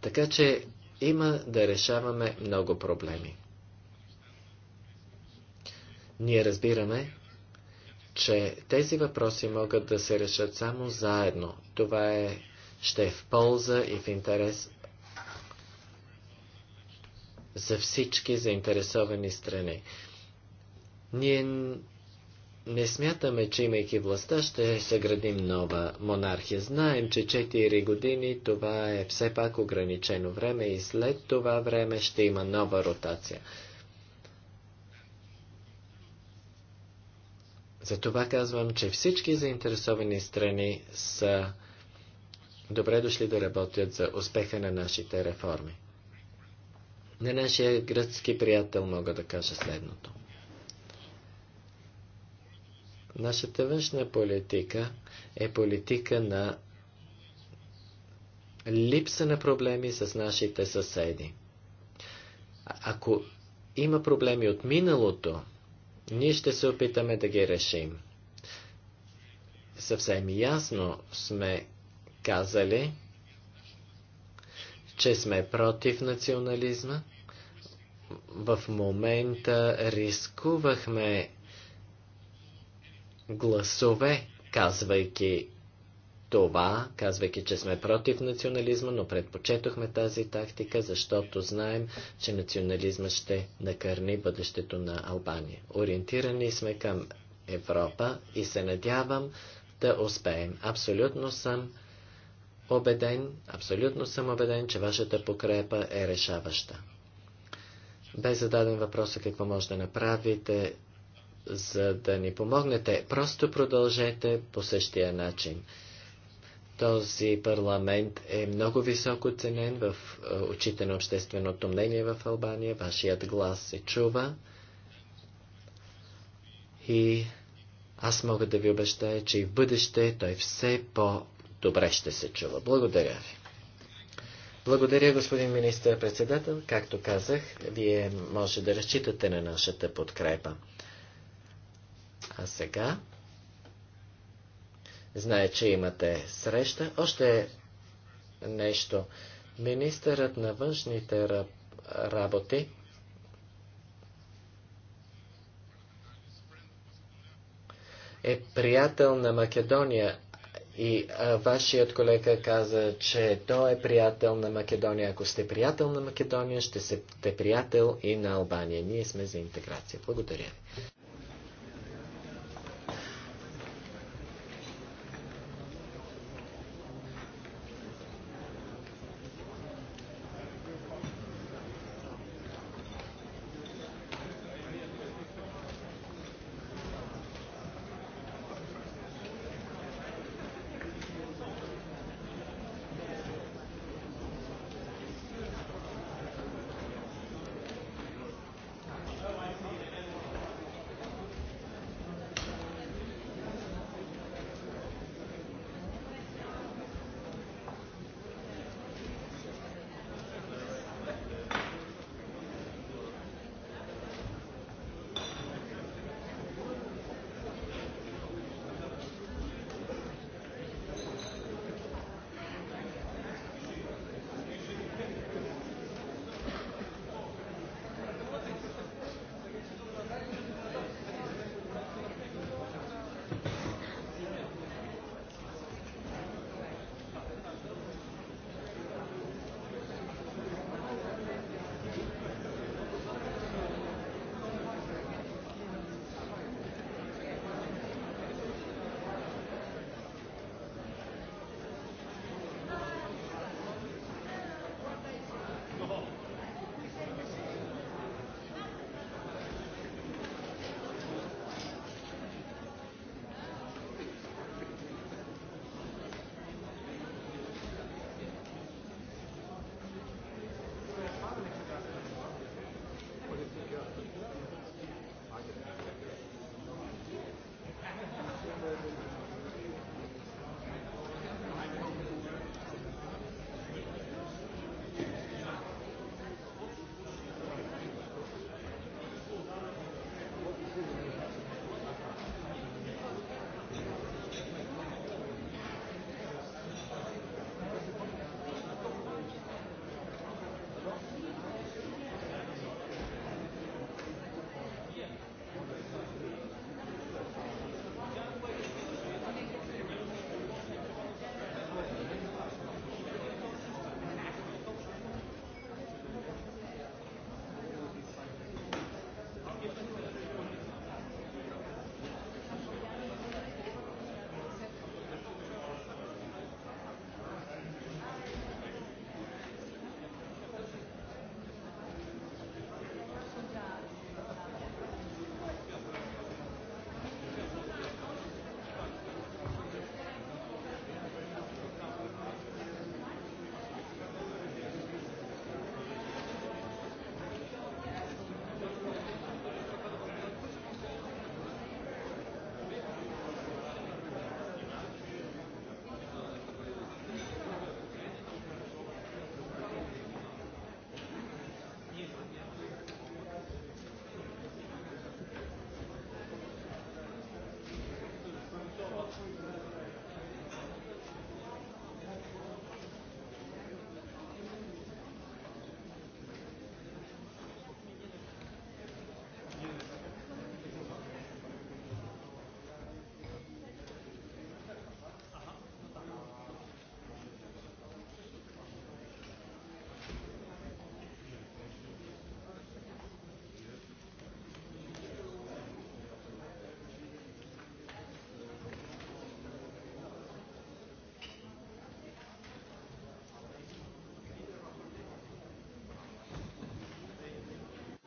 Така че има да решаваме много проблеми. Ние разбираме, че тези въпроси могат да се решат само заедно. Това е, ще е в полза и в интерес за всички заинтересовани страни. Ние не смятаме, че имайки властта ще съградим нова монархия. Знаем, че 4 години това е все пак ограничено време и след това време ще има нова ротация. Затова казвам, че всички заинтересовани страни са добре дошли да работят за успеха на нашите реформи. На нашия гръцки приятел мога да кажа следното. Нашата външна политика е политика на липса на проблеми с нашите съседи. А ако има проблеми от миналото, ние ще се опитаме да ги решим. Съвсем ясно сме казали, че сме против национализма. В момента рискувахме гласове, казвайки това, казвайки, че сме против национализма, но предпочетохме тази тактика, защото знаем, че национализма ще накърни бъдещето на Албания. Ориентирани сме към Европа и се надявам да успеем. Абсолютно съм убеден, абсолютно съм убеден, че вашата покрепа е решаваща. Бе зададен въпроса какво може да направите за да ни помогнете. Просто продължете по същия начин. Този парламент е много високо ценен в е, очите на общественото мнение в Албания. Вашият глас се чува. И аз мога да ви обещая, че и в бъдеще той все по-добре ще се чува. Благодаря ви. Благодаря, господин министър-председател. Както казах, вие може да разчитате на нашата подкрепа. А сега, знае, че имате среща. Още нещо. Министърът на външните работи е приятел на Македония. И а, вашият колега каза, че той е приятел на Македония. Ако сте приятел на Македония, ще сте приятел и на Албания. Ние сме за интеграция. Благодаря ви.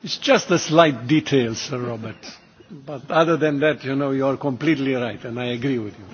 It's just a slight detail, Sir Robert. But other than that, you know, you are completely right, and I agree with you.